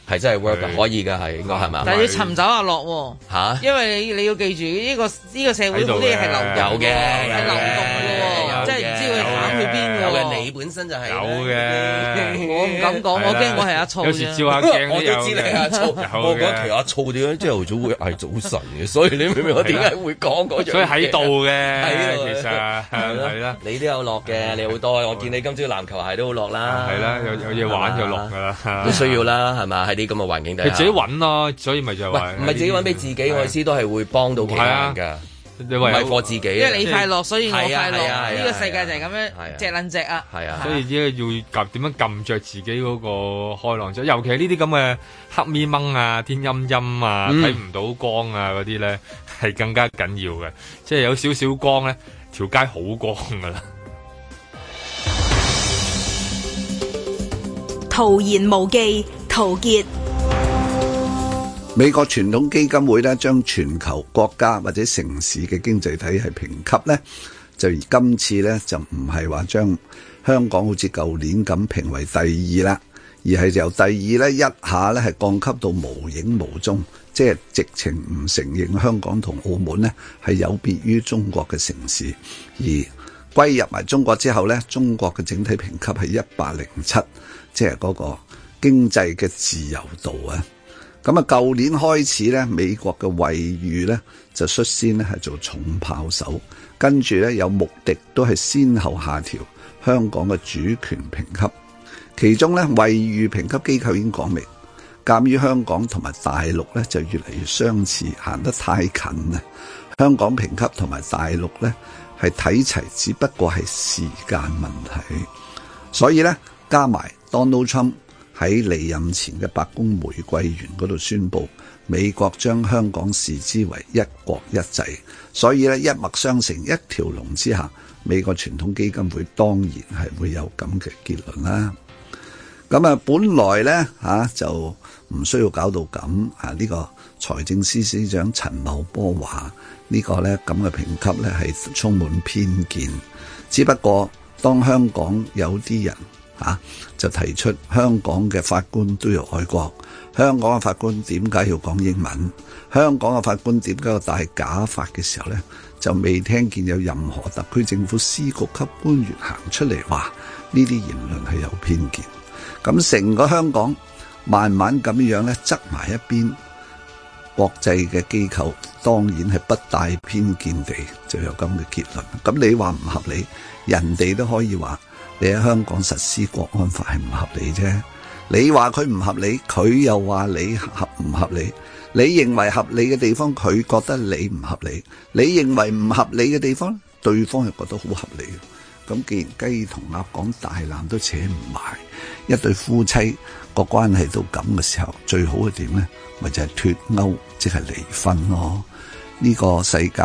S1: 係真係 work 噶，可以噶，係應該係嘛？但係要尋
S3: 找阿樂喎，因為你要記住呢個呢個社會冇啲嘢係流動，嘅係流動嘅喎，即係唔知佢跑去邊嘅。你本身就
S2: 係有嘅，
S3: 我唔敢講，我驚我係阿醋。有時照下鏡我都知你
S5: 係阿醋。
S1: 我嗰期阿醋點解朝頭早會嗌早晨嘅？所以你明明我點解會講嗰樣？所以喺度嘅，其實係啦，你都有落嘅，你好多。我見你今朝籃球鞋都好落啦，係啦，有有嘢玩就落㗎啦，都需要啦，係咪？啲咁嘅環境底下自己揾
S2: 咯，所以咪就唔係唔係自己揾俾
S1: 自己，我意思都係會幫
S2: 到佢。噶，唔係為自己。因為你快樂，所以我快樂。呢個世
S3: 界就係咁樣，隻撚隻啊。係啊，所
S2: 以要撳點樣撳著自己嗰個開朗啫？尤其係呢啲咁嘅黑咪掹啊，天陰陰啊，睇唔到光啊嗰啲咧，係更加緊要嘅。即係有少少光咧，條街好光噶啦。
S3: 徒然無記。陶傑，
S5: 美國傳統基金會咧將全球國家或者城市嘅經濟體系評級咧，就今次咧就唔係話將香港好似舊年咁評為第二啦，而係由第二咧一下咧係降級到無影無蹤，即係直情唔承認香港同澳門呢係有別於中國嘅城市，而歸入埋中國之後咧，中國嘅整體評級係一百零七，即係嗰個。經濟嘅自由度啊，咁啊，舊年開始咧，美國嘅惠譽咧就率先咧係做重炮手，跟住咧有穆迪都係先後下調香港嘅主權評級。其中咧惠譽評級機構已經講明，鑑於香港同埋大陸咧就越嚟越相似，行得太近啊，香港評級同埋大陸咧係睇齊，只不過係時間問題，所以咧加埋 Donald Trump。喺離任前嘅白宮玫瑰園嗰度宣佈，美國將香港視之為一國一制，所以咧一脈相承一條龍之下，美國傳統基金會當然係會有咁嘅結論啦。咁啊，本來咧嚇就唔需要搞到咁啊！呢個財政司司長陳茂波話：呢個咧咁嘅評級咧係充滿偏見。只不過當香港有啲人啊！就提出香港嘅法官都要愛國，香港嘅法官點解要講英文？香港嘅法官點解要戴假髮嘅時候咧，就未聽見有任何特區政府司局級官員行出嚟話呢啲言論係有偏見。咁成個香港慢慢咁樣咧，側埋一邊，國際嘅機構當然係不帶偏見地就有咁嘅結論。咁你話唔合理，人哋都可以話。你喺香港實施國安法係唔合理啫，你話佢唔合理，佢又話你合唔合理？你認為合理嘅地方，佢覺得你唔合理；你認為唔合理嘅地方，對方又覺得好合理。咁既然雞同鴨講大纜都扯唔埋，一對夫妻個關係到咁嘅時候，最好嘅點呢？咪就係脱歐，即係離婚咯。呢個世界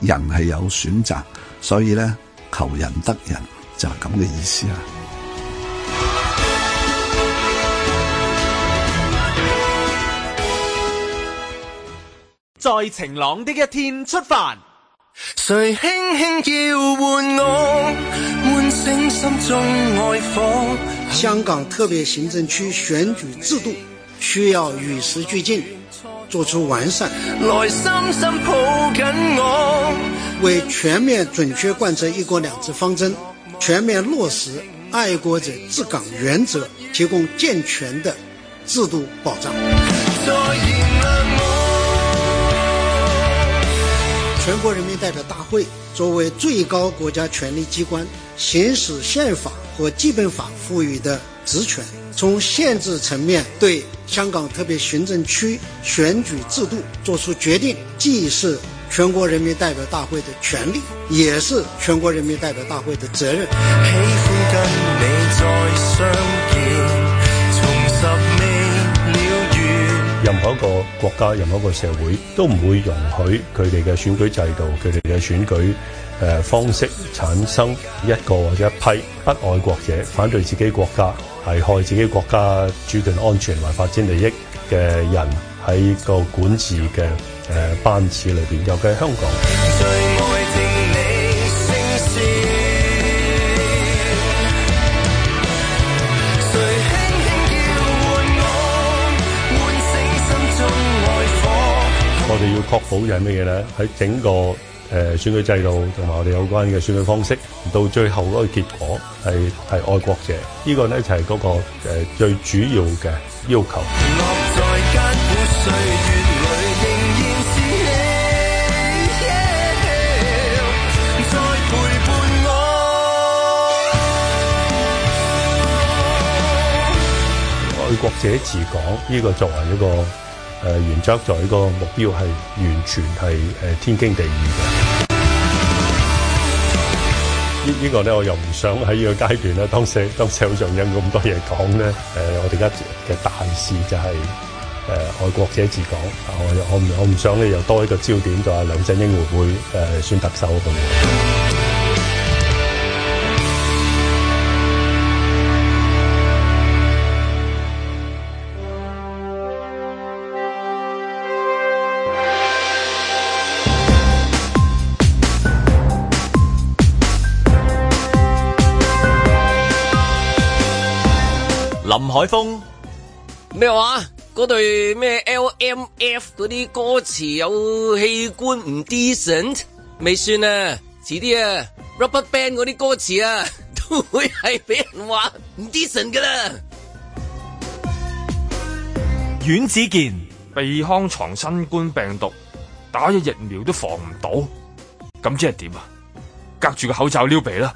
S5: 人係有選擇，所以呢，求人得人。就咁嘅意思啊。
S2: 在晴朗的
S5: 一天出發。以香港特別行政區選舉制度需要與時俱進，做出完善。來深深抱緊我，為全面準確貫徹一國兩制方針。全面落實愛國者治港原則，提供健全的制度保障。全國人民代表大會作為最高國家權力機關，行使憲法和基本法賦予的職權，從限制層面對香港特別行政區選舉制度作出決定，既是。全國人民代表大會的權力，也是全國人民代表大會的責任。喜歡跟你再相見從十
S6: 任何一個國家、任何一個社會都唔會容許佢哋嘅選舉制度、佢哋嘅選舉誒、呃、方式產生一個或者一批不愛國者、反對自己國家、危害自己國家主權安全或發展利益嘅人喺個管治嘅。誒、呃，班次裏邊尤其係香
S5: 港。我
S6: 哋要確保就係乜嘢咧？喺整個誒、呃、選舉制度同埋我哋有關嘅選舉方式，到最後嗰個結果係係愛國者，呢個、呢、就係嗰個咧就係嗰個誒最主要嘅要求。國者治港，呢、這個作為一個誒、呃、原則，作，作為一個目標係完全係誒、呃、天經地義嘅。這個這個、呢呢個咧我又唔想喺呢個階段咧，當時當時好想引咁多嘢講咧。誒、呃，我哋而家嘅大事就係誒愛國者治港，我我唔我唔想咧又多一個焦點，就係梁振英會唔會誒選、呃、特首嘅。
S1: 海峰咩話？嗰對咩 LMF 嗰啲歌詞有器官唔 decent 未算啊，遲啲啊 RubberBand 嗰啲歌詞啊都會係俾人
S3: 話唔 decent 噶啦。
S2: 阮子健鼻腔藏新冠病毒，打咗疫苗都防唔到，
S3: 咁即係點啊？隔住個口罩撩鼻啦。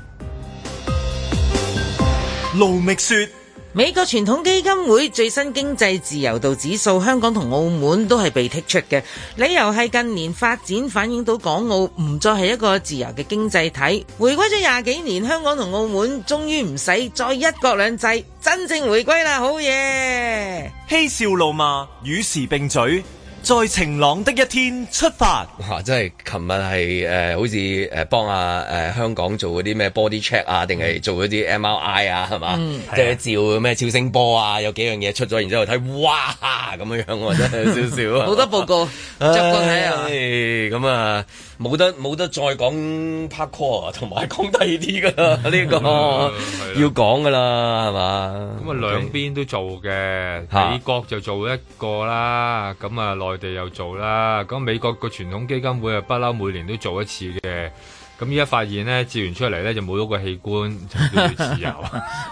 S3: 盧覓雪。美國傳統基金會最新經濟自由度指數，香港同澳門都係被剔出嘅，理由係近年發展反映到港澳唔再係一個自由嘅經濟體。回歸咗廿幾年，香港同澳門終於唔使再一國兩制，真正回歸啦，好嘢！嬉笑怒罵，與
S1: 時並舉。在晴朗的一天出發，吓，真係琴日係誒好似誒幫啊誒香港做啲咩 body check 啊，定係做啲 MRI 啊，係嘛？即係照咩超聲波啊？有幾樣嘢出咗，然之後睇，哇！咁樣樣，真係有少少冇得
S3: 報告，真
S1: 係咁啊！冇得冇得
S2: 再講 p
S1: a r k 同埋講低啲噶呢個
S2: 要講噶啦，係嘛？咁啊，兩邊都做嘅，美國就做一個啦，咁啊內。我哋又做啦，咁美國個傳統基金會啊，不嬲每年都做一次嘅。咁依家發現咧，接完出嚟咧就冇咗個器官，就自由，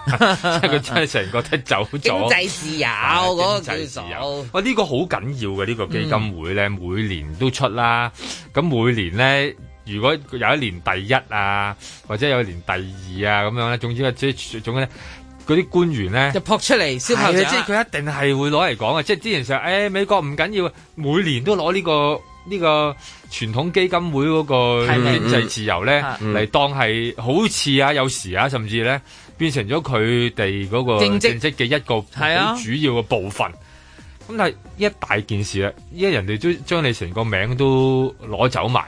S2: 即係佢真係成個剔走咗、啊。經濟
S3: 自由，經濟自由。哇、
S2: 啊！呢、呢個好緊要嘅呢、呢個基金會咧，嗯、每年都出啦。咁每年咧，如果有一年第一啊，或者有一年第二啊，咁樣咧，總之啊、即係，總之咧。嗰啲官員咧，就撲出嚟，消下脹。即係佢一定係會攞嚟講啊！即係之前成日、哎、美國唔緊要，每年都攞呢、這個呢個、呢個傳統基金會嗰個經濟自由咧嚟當係好似啊，有時啊，甚至咧變成咗佢哋嗰個政績嘅一個好主要嘅部分。咁、啊、但係一大件事啦，因為人哋都將你成個名都攞走埋。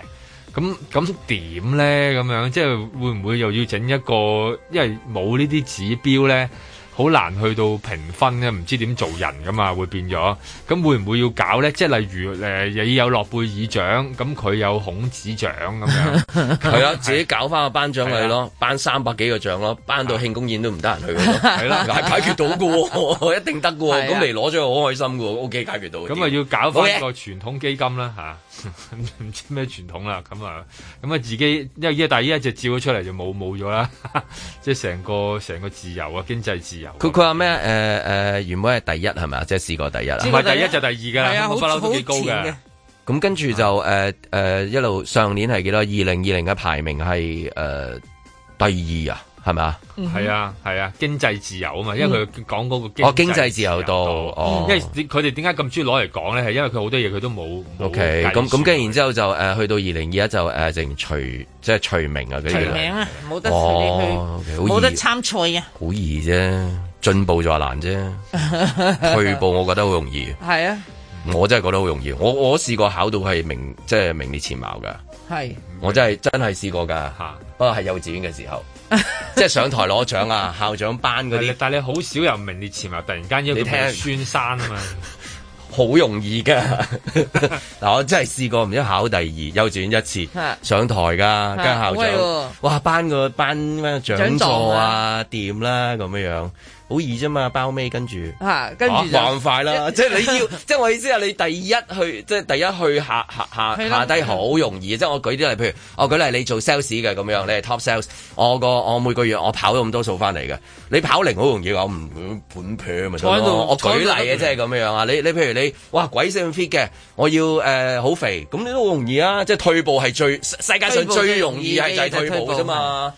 S2: 咁咁點咧？咁樣即係會唔會又要整一個？因為冇呢啲指標咧。好難去到評分咧，唔知點做人㗎嘛，會變咗。咁會唔會要搞咧？即係例如誒，又要有諾貝爾獎，咁佢有孔子獎咁樣，係啊，自己搞翻個頒獎禮咯，頒三百幾個獎咯，頒到慶功宴都唔得人去咯，係啦，解決到嘅喎，一定得嘅喎，咁未攞咗好開心嘅喎，O K 解決到。咁啊要搞翻一個傳統基金啦吓？唔知咩傳統啦，咁啊，咁啊自己一依家大依家就照咗出嚟就冇冇咗啦，即係成個成個自由啊經濟自由。
S1: 佢佢話咩？誒誒、呃呃，原本係第一係咪？即係試過第一啦，唔係第,第一就第
S2: 二噶。係啊，好幾高嘅。
S1: 咁跟住就誒誒，一、呃、路、呃、上年係幾多？二零二零嘅排名係誒、呃、第二啊。係咪啊？係啊，係啊，經
S2: 濟自由啊嘛，因為佢講嗰個經濟，經濟
S1: 自由度，因
S2: 為佢哋點解咁中意攞嚟講咧？係因為佢好多嘢，佢都冇。
S1: OK，咁咁跟住然之後就誒，去到二零二一就誒，淨除即係除名啊嗰啲名啊，冇得去，冇得
S3: 參賽啊，
S1: 好易啫，進步就難啫，
S3: 退
S1: 步我覺得好容易。係啊，我真係覺得好容易，我我試過考到係名，即係名列前茅噶。係，我真係真係試過噶，不過係幼稚園嘅時候。 即係上台攞獎啊， 校長
S2: 頒嗰啲， 但係你好少有名列前茅，啊，突然間要、啊、聽孫生啊嘛， 好容易噶。嗱， 我真係試過，唔知考第二幼稚園一次， 上
S1: 台噶， 跟校長，啊、哇，頒個頒咩獎座啊，掂、啊、啦，咁樣樣。好易啫嘛，包尾跟住，
S3: 嚇，跟住就快
S1: 啦。即係你要，即係我意思係你第一去，即係第一去下下下下低好容易。即係我舉啲例，譬如我舉例你做 sales 嘅咁樣，你係 top sales，我個我每個月我跑咗咁多數翻嚟嘅，你跑零好容易我唔本判判咪我舉例嘅，即係咁樣啊！你你譬如你，哇鬼死咁 fit 嘅，我要誒好肥，咁你都好容易啊！即係退步係最世界上最容易係就係退步嘅啫嘛。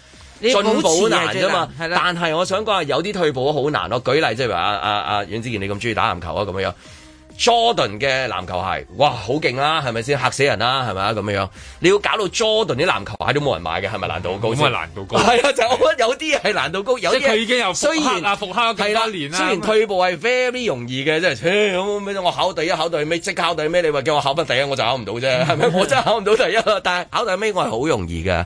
S1: 好進步難啫嘛，但係我想講係有啲退步好難咯。舉例即係話啊啊啊，阮、啊、子健你咁中意打籃球啊，咁樣 Jordan 嘅籃球鞋，哇好勁啦，係咪先嚇死人啦、啊，係咪啊咁樣樣？你要搞到 Jordan 啲籃球鞋都冇人買嘅，係咪難度好高？咁難度高？係啊的，就我覺得有啲係難度高，有啲佢已經又復刻啦，復刻咗幾多年啦。雖然退步係 very 容易嘅，即係、欸、我考第一、考第二、尾即考第二尾，你話叫我考翻第一，我就考唔到啫，係咪？ 我真係考唔到第一，但係考第二尾我係好容易嘅。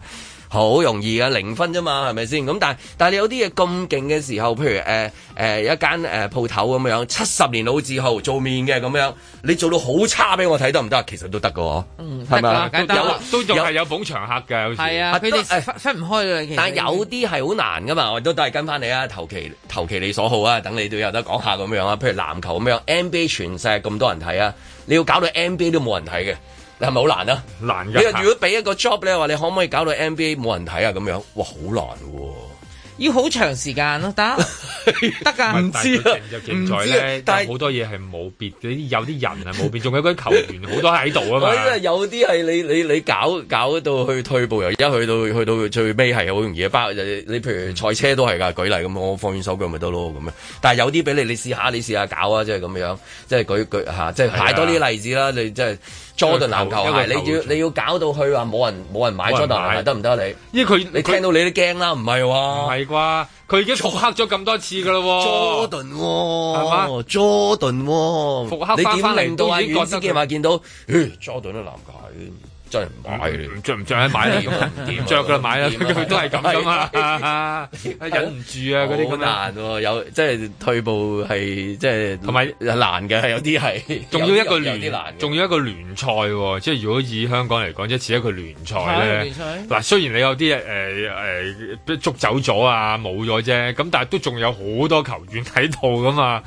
S1: 好容易嘅、啊、零分啫嘛，係咪先？咁但係但係你有啲嘢咁勁嘅時候，譬如誒誒、呃呃、一間誒鋪頭咁樣，七十年老字號做麵嘅咁樣，你做到好差俾我睇得唔得？其實都得嘅、
S2: 啊，嗬、嗯，係咪？都有，有都仲係有捧場客
S1: 嘅，係啊，佢哋誒
S3: 分唔開嘅。但係有
S1: 啲係好難嘅嘛，我都都係跟翻你啊，投其投其你所好啊，等你都有得講下咁樣啊。譬如籃球咁樣，NBA 全世界咁多人睇啊，你要搞到 NBA 都冇人睇嘅。係咪好難啊？難嘅。如果俾一個 job 咧，話你可
S2: 唔可以搞到 NBA 冇人睇啊？咁樣，哇，好難喎！
S3: 要好長時間咯，得
S2: 得噶，唔知啦，唔知啊。但係好多嘢，係冇別，你有啲人係冇別，仲有啲球員好多喺度啊嘛。
S1: 有啲係你你你搞搞到去退步，而家去到去到最尾係好容易，包你譬如賽車都係噶，舉例咁，我放軟手腳咪得咯咁樣。但係有啲俾你，你試下，你試下搞啊，即係咁樣，即係舉舉吓，即係擺多啲例子啦。你即係。Jordan 籃球鞋，球鞋球你要你要搞到佢話，冇人冇人買 Jordan 鞋得唔得？你，
S2: 因為佢你聽到你都驚啦。唔係喎，唔係啩？佢已經復刻咗咁多次㗎啦喎，Jordan 喎
S1: ，Jordan 喎，吧哦、復刻翻翻嚟唔到，已經覺得見話見到，咦？Jordan 都、啊、籃球鞋。
S2: 着唔買，着唔着咧買，點啊？點着噶啦，買啦，佢都係咁噶嘛，忍唔住啊！嗰啲好難喎，有即係退步係即係同埋難嘅，係有啲係。仲要一個聯，仲要一個聯賽喎，即係如果以香港嚟講，即係似一個聯賽咧。嗱，雖然你有啲誒誒捉走咗啊，冇咗啫，咁但係都仲有好多球員喺度噶嘛，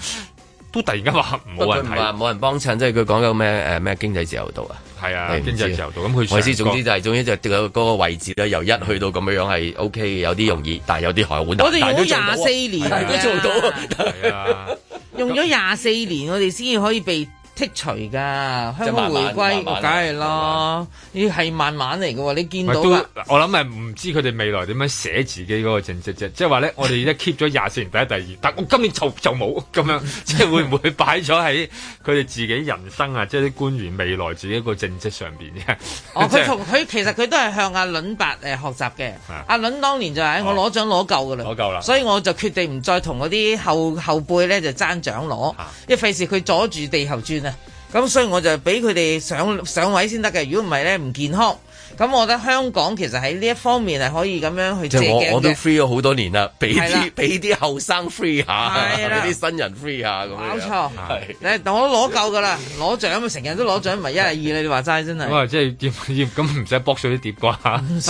S2: 都突然間話冇人睇，冇人幫襯，即係
S1: 佢講緊咩誒咩經濟自由度啊？係啊，咁佢我意思總之就係、是，總之就係嗰個位置咧，由一去到咁樣樣係 OK，有啲容易，啊、但係有啲係好難。我哋用咗廿四年，都做
S3: 到。係啊的，用咗廿四年，我哋先至可以被剔除噶。香港回歸，梗係咯。慢慢你係慢慢嚟嘅喎，你見到啦。
S2: 我諗係唔知佢哋未來點樣寫自己嗰個政績啫。即係話咧，我哋而家 keep 咗廿四年第一、第二， 但我今年就就冇咁樣。即係會唔會擺咗喺佢哋自己人生啊？即係啲官員未來自己個政績上邊啫。 哦，佢同
S3: 佢其實佢都係向阿倫伯誒學習嘅。 阿倫當年就係我攞獎攞夠嘅啦，攞 夠啦了。所以我就決定唔再同嗰啲後後輩咧就爭獎攞，因為費事佢阻住地球轉啊！咁所以我就俾佢哋上上位先得嘅，如果唔係咧唔健康。咁我覺得香港其實喺呢一方面係可以咁樣去借鏡嘅。我都
S1: free 咗好多年啦，俾啲俾啲後生 free 下，
S3: 俾啲的新人 free 下咁。冇錯，但的的我攞夠㗎啦，攞獎咪成日都攞獎，唔係一係二，你話齋真係、嗯啊。
S2: 即係點點咁唔使博碎啲碟啩？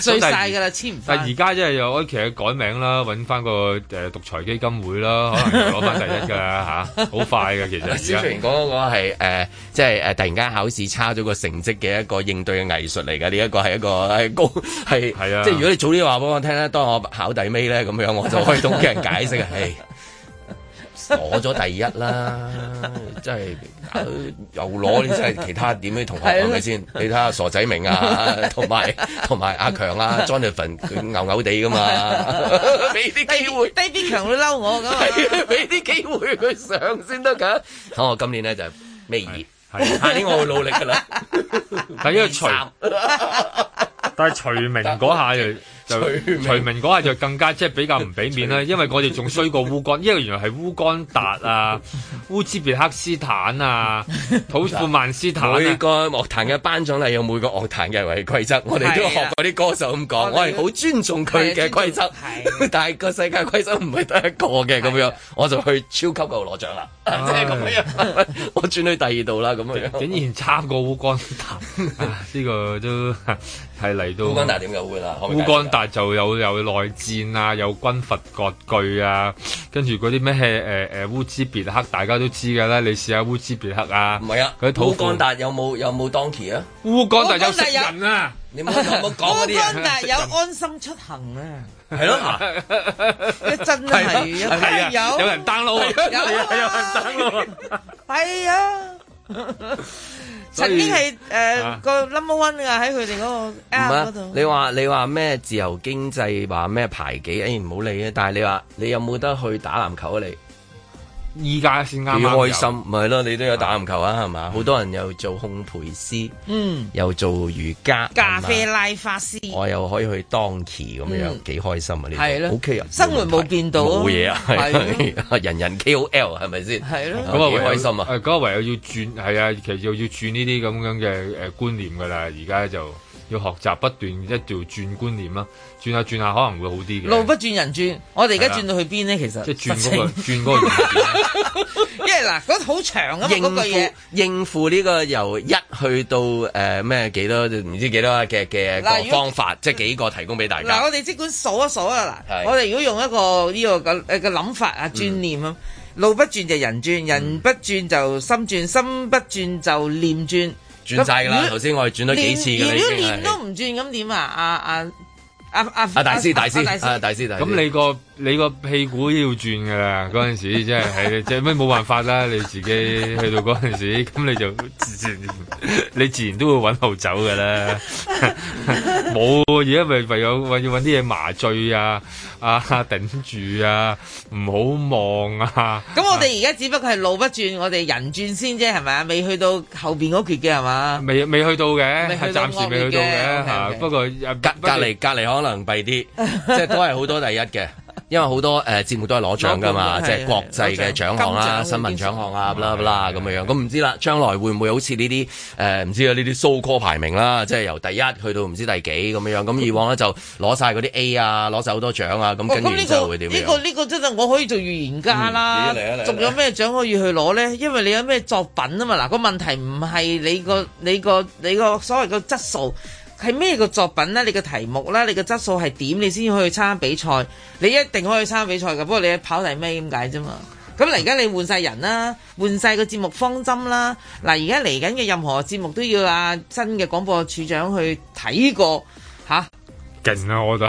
S3: 碎晒㗎啦，籤唔。 但而
S2: 家即係又啲其實改名啦，揾翻個誒、呃、獨裁基金會啦，可能攞翻第一㗎嚇，好、 啊、快㗎其實。之前講
S1: 即係誒突然間考試差咗個成績嘅一個應對嘅藝術嚟噶，呢一個係一個係高係係啊！即係如果你早啲話俾我聽咧，當我考第尾咧咁樣，我就可以同啲人解釋啊！
S3: 攞
S1: 咗第一啦，真係又攞，即係其他點啲同學講嘅先？你睇下傻仔明啊，同埋同埋阿強啊，Jonathan 佢牛牛地噶嘛，
S3: 俾啲機會，低啲強都嬲我噶嘛，俾啲機會佢上先得噶。
S1: 好，我今年咧就
S2: 咩二。下年我會努力噶啦，但係除，但係除名嗰下。徐徐明嗰日就更加即係比較唔俾面啦，因為我哋仲衰過烏干，因為原來係烏干達啊、烏茲別克斯坦啊、土庫曼斯坦。呢個樂壇嘅頒獎禮有每個樂壇嘅遊戲規則，我
S1: 哋都學過啲歌手咁講，我係好尊重佢嘅規則。但係個世界規則唔係得一個嘅咁樣，我就去超級度攞獎啦，即係咁樣。我轉
S2: 去第二度啦，咁樣竟然差過烏干達，呢個都係嚟到烏干達點解會啦？烏就有有內戰啊，有軍閥割據啊，跟住嗰啲咩係誒誒烏茲別克，大家都知㗎啦。你試下烏茲別克啊，唔係啊。佢烏干達有冇有冇 Donkey 啊？烏干達有食人啊！你冇同講啲。烏干達有
S3: 安心出行啊！係咯，真係啊，係啊，有有人 download，有啊，有人 download，係啊。 曾經係是誒以、呃、個 number one 啊，喺佢哋嗰個 app，唔啊！你話
S1: 你話咩自由經濟話咩排擠誒，唔好理啊！但係你話你有冇得去打籃球啊？你？依家先啱，幾開心，咪咯！你都有打籃球啊，係嘛？好多人又做烘焙師，嗯，又做瑜伽，咖啡拉
S3: 花師，我
S1: 又可以去當期咁樣，幾開心啊！呢啲 OK 啊，
S3: 生活冇變到冇嘢啊，係
S2: 人人 KOL 係咪先？
S3: 係咯，咁啊，幾開心
S2: 啊！誒，個唯有要轉，係啊，其實又要轉呢啲咁樣嘅誒觀念㗎喇，而家就。要學習不斷一條轉觀念啦，轉下轉下可能會好啲嘅。路
S3: 不轉人轉，我哋而家轉到去邊呢？其實即係轉嗰個轉觀念，因為嗱嗰好長啊嘛，嗰句嘢
S1: 應付呢個由一去到誒咩幾多唔知幾多嘅嘅個方法，即係幾個提供俾大家。嗱，我
S3: 哋即管數一數啊嗱，我哋如果用一個呢個咁嘅諗法啊，轉念啊，路不轉就人轉，人不轉就心轉，心不轉就念轉。轉晒噶啦，頭先
S2: 我係轉咗幾次噶啦，已經。連連連都唔
S3: 轉咁點啊？阿阿阿阿阿大師大師，阿大師大師，咁你
S2: 個你個屁股要轉噶啦，嗰陣 時真係、係，即係咩冇辦法啦，你自己去到嗰陣時，咁你就你自然，你自然都會搵路走噶啦，冇而家咪唯有為要搵啲嘢麻醉啊。啊！頂住啊！唔好望啊！咁、啊、我哋而
S3: 家只不過係路不轉，啊、我哋人轉先啫，係咪啊？未去到後邊嗰橛嘅係嘛？未
S2: 未去到嘅，係、啊、暫時未去到嘅嚇、
S1: okay, okay. 啊。不過隔隔離隔離可能弊啲， 即係都係好多第一嘅。 因為好多誒節、呃、目都係攞獎噶嘛，嗯嗯、即係國際嘅獎項啦、獎新聞獎項啊咁啦咁樣。咁唔知啦，將來會唔會好似呢啲誒唔知啦呢啲 so call 排名啦，即係由第一去到唔知第幾咁樣樣。咁以往咧就攞晒嗰啲 A 啊，攞晒好多獎啊，咁跟住就會點樣呢？
S3: 呢、呢個呢、呢個真係我可以做預言家啦。嚟啊嚟！仲有咩獎可以去攞咧？因為你有咩作品啊嘛。嗱，個問題唔係你個你個你個所謂個質素。 係咩個作品啦？你個題目啦？你個質素係點？你先可以去參加比賽。你一定可以參加比賽噶。不過你跑題咩咁解啫嘛？咁嚟，而家你換晒人啦，換晒個節目方針啦。嗱，而家嚟緊嘅任何節目都要阿新嘅廣播處長去睇過。吓，
S2: 勁啊！我覺得！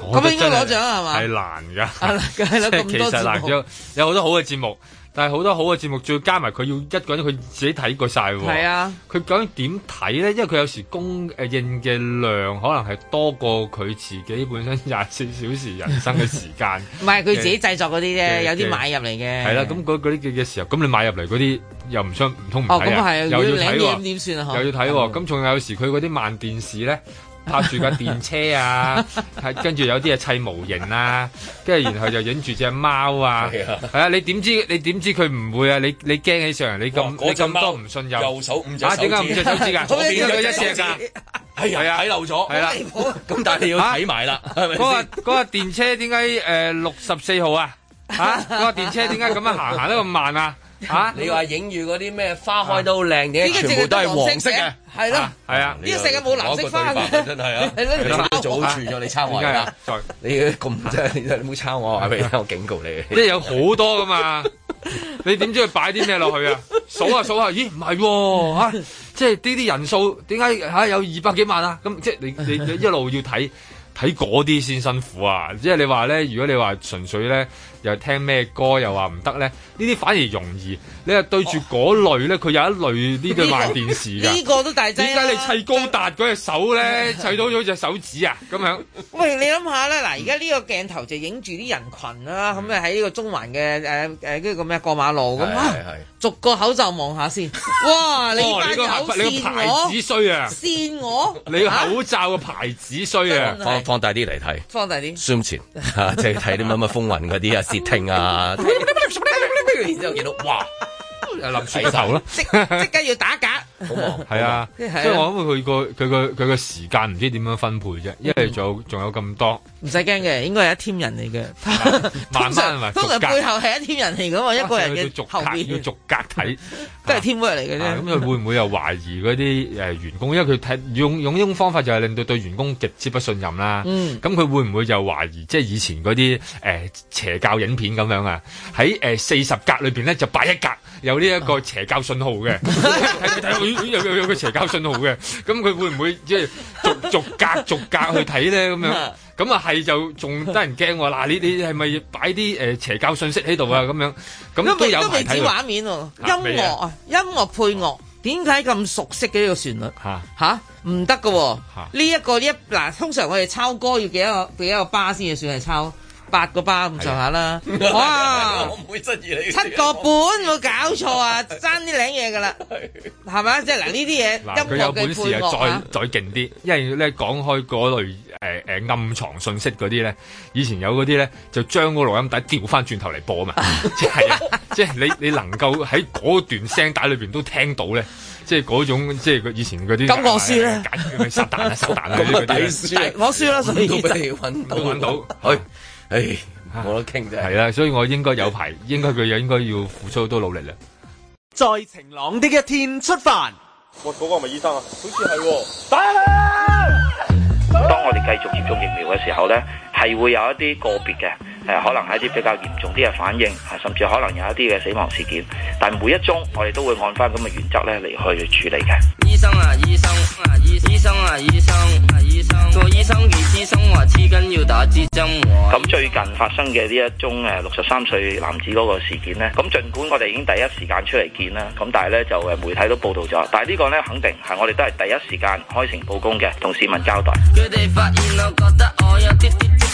S2: 咁應該攞獎係嘛？係吧難噶，梗係咁多節目難咗，有好多好嘅節目。但係好多好嘅節目，仲要加埋佢要一個人，佢自己睇過晒喎。係啊，佢究竟點睇咧？因為佢有時供誒應嘅量可能係多過佢自己本身廿四小時人生嘅時間。唔係佢自己
S3: 製作嗰啲啫，有啲買入嚟嘅。係啦，咁
S2: 嗰啲嘅時候，咁你買入嚟嗰啲又唔想唔通唔睇啊？又要睇點算？又要睇喎。咁仲有時佢嗰啲慢電視咧。拍住架電車啊，跟住有啲嘢砌模型啊，跟住然後就影住隻貓啊，係啊，你點知你點知佢唔會啊？你你驚起上嚟，你咁你咁多唔信任，右手唔着手指，啊，點解唔着手指噶？左邊佢一隻，係啊，睇漏咗，係啦，咁但係你要睇埋啦，嗰個嗰個電車點解誒六十四號啊？吓，嗰個電車點解咁樣行行得咁慢啊？
S1: 嚇！你話影住嗰啲咩花開到靚嘅，全部都係黃色嘅，係咯，係啊，呢個世界冇藍色花真係啊！你你唔好做住咗，你抄我啊！你咁真，你唔好抄我係咪？我警
S2: 告你，即係有好多噶嘛，你點知佢擺啲咩落去啊？數下數下，咦唔係喎！即係呢啲人數點解嚇有二百幾萬啊？咁即係你你一路要睇睇嗰啲先辛苦啊！即係你話咧，如果你話純粹咧。又聽咩歌又話唔得咧？呢啲反而容易。你係對住嗰類咧，佢有一類呢個賣電視嘅。呢個都大劑。點解你砌高達嗰隻手咧砌到咗隻手指啊？咁樣。
S3: 喂，你諗下啦，嗱，而家呢個鏡頭就影住啲人群啦，咁咪喺呢個中環嘅誒誒，跟住個咩過馬路咁啊？逐個口罩望下先。哇！你個口線牌子衰啊！線我你口罩嘅
S1: 牌子衰啊！放放大啲嚟睇。
S3: 放大啲。宣
S1: 前即係睇啲乜乜風雲嗰啲
S2: 啊！接聽啊，
S3: 然之後見到，哇！又臨死頭咯， 即即刻要打格，
S2: 好忙，係啊，即、啊、以我諗佢個佢個佢個時間唔知點樣分配啫，因為仲有仲、嗯、有咁多，
S3: 唔使驚嘅，應該係一添人嚟嘅，慢慢 常，工人 背後係一添人嚟噶嘛， 一個人嘅後邊、啊、要
S2: 逐格睇， 都係添 e 嚟嘅啫。咁佢會唔會又懷疑嗰啲誒員工？因為佢睇用用呢種方法就係令到對員工極之不信任啦。嗯，咁佢會唔會就懷疑？即係以前嗰啲誒邪教影片咁樣啊？喺誒四十格裏邊咧就擺一格有啲、嗯。一個邪教信號嘅， 有有有個邪教信號嘅，咁佢會唔會即係逐逐格逐格去睇咧？咁樣， 樣，咁啊係就仲得人驚喎！嗱，你你係咪擺啲
S3: 誒邪教信息喺度啊？咁樣，咁都有都未知畫面，音樂啊，音樂配樂，點解咁熟悉嘅呢個旋律？吓吓唔得噶，呢一、啊啊啊這個一嗱，這個這個，通常我哋抄歌要幾多個幾多個巴先至算係抄？八個包咁上下啦，哇！我唔會質疑你七個半冇搞錯啊，爭啲靚嘢噶啦，係咪？即係嗱呢啲嘢，佢有本事啊，再
S2: 再勁啲，因為咧講開嗰類誒誒暗藏信息嗰啲咧，以前有嗰啲咧就將個錄音帶調翻轉頭嚟播啊嘛，即係即係你你能夠喺嗰段聲帶裏邊都聽到咧，即係嗰種即係以前嗰啲。咁我輸咧？揀佢咪殺彈啊，手彈啊！咁我
S1: 輸啦，所以即係揾到
S2: 揾唉，我都傾啫。係啦、啊，所以我應該有排，應該佢又應該要付出好多努力啦。在晴朗的一天出發。我嗰、那個係咪醫生、哦、啊？好似係。啊、
S4: 當我哋繼續接種疫苗嘅時候咧，係會有一啲個別嘅。誒，可能係一啲比較嚴重啲嘅反應吓，甚至可能有一啲嘅死亡事件。但係每一宗我哋都會按翻咁嘅原則咧嚟去處理嘅、啊。
S3: 醫生啊，醫生啊，醫生啊醫生啊，醫生啊，醫生、啊，做醫生嘅醫生話黐筋要打支針、啊。咁
S4: 最近發生嘅呢一宗誒六十三歲男子嗰個事件咧，咁盡管我哋已經第一時間出嚟見啦，咁但係咧就誒媒體都報道咗，但係呢個咧肯定係我哋都係第一時間開誠布公嘅同市民交代。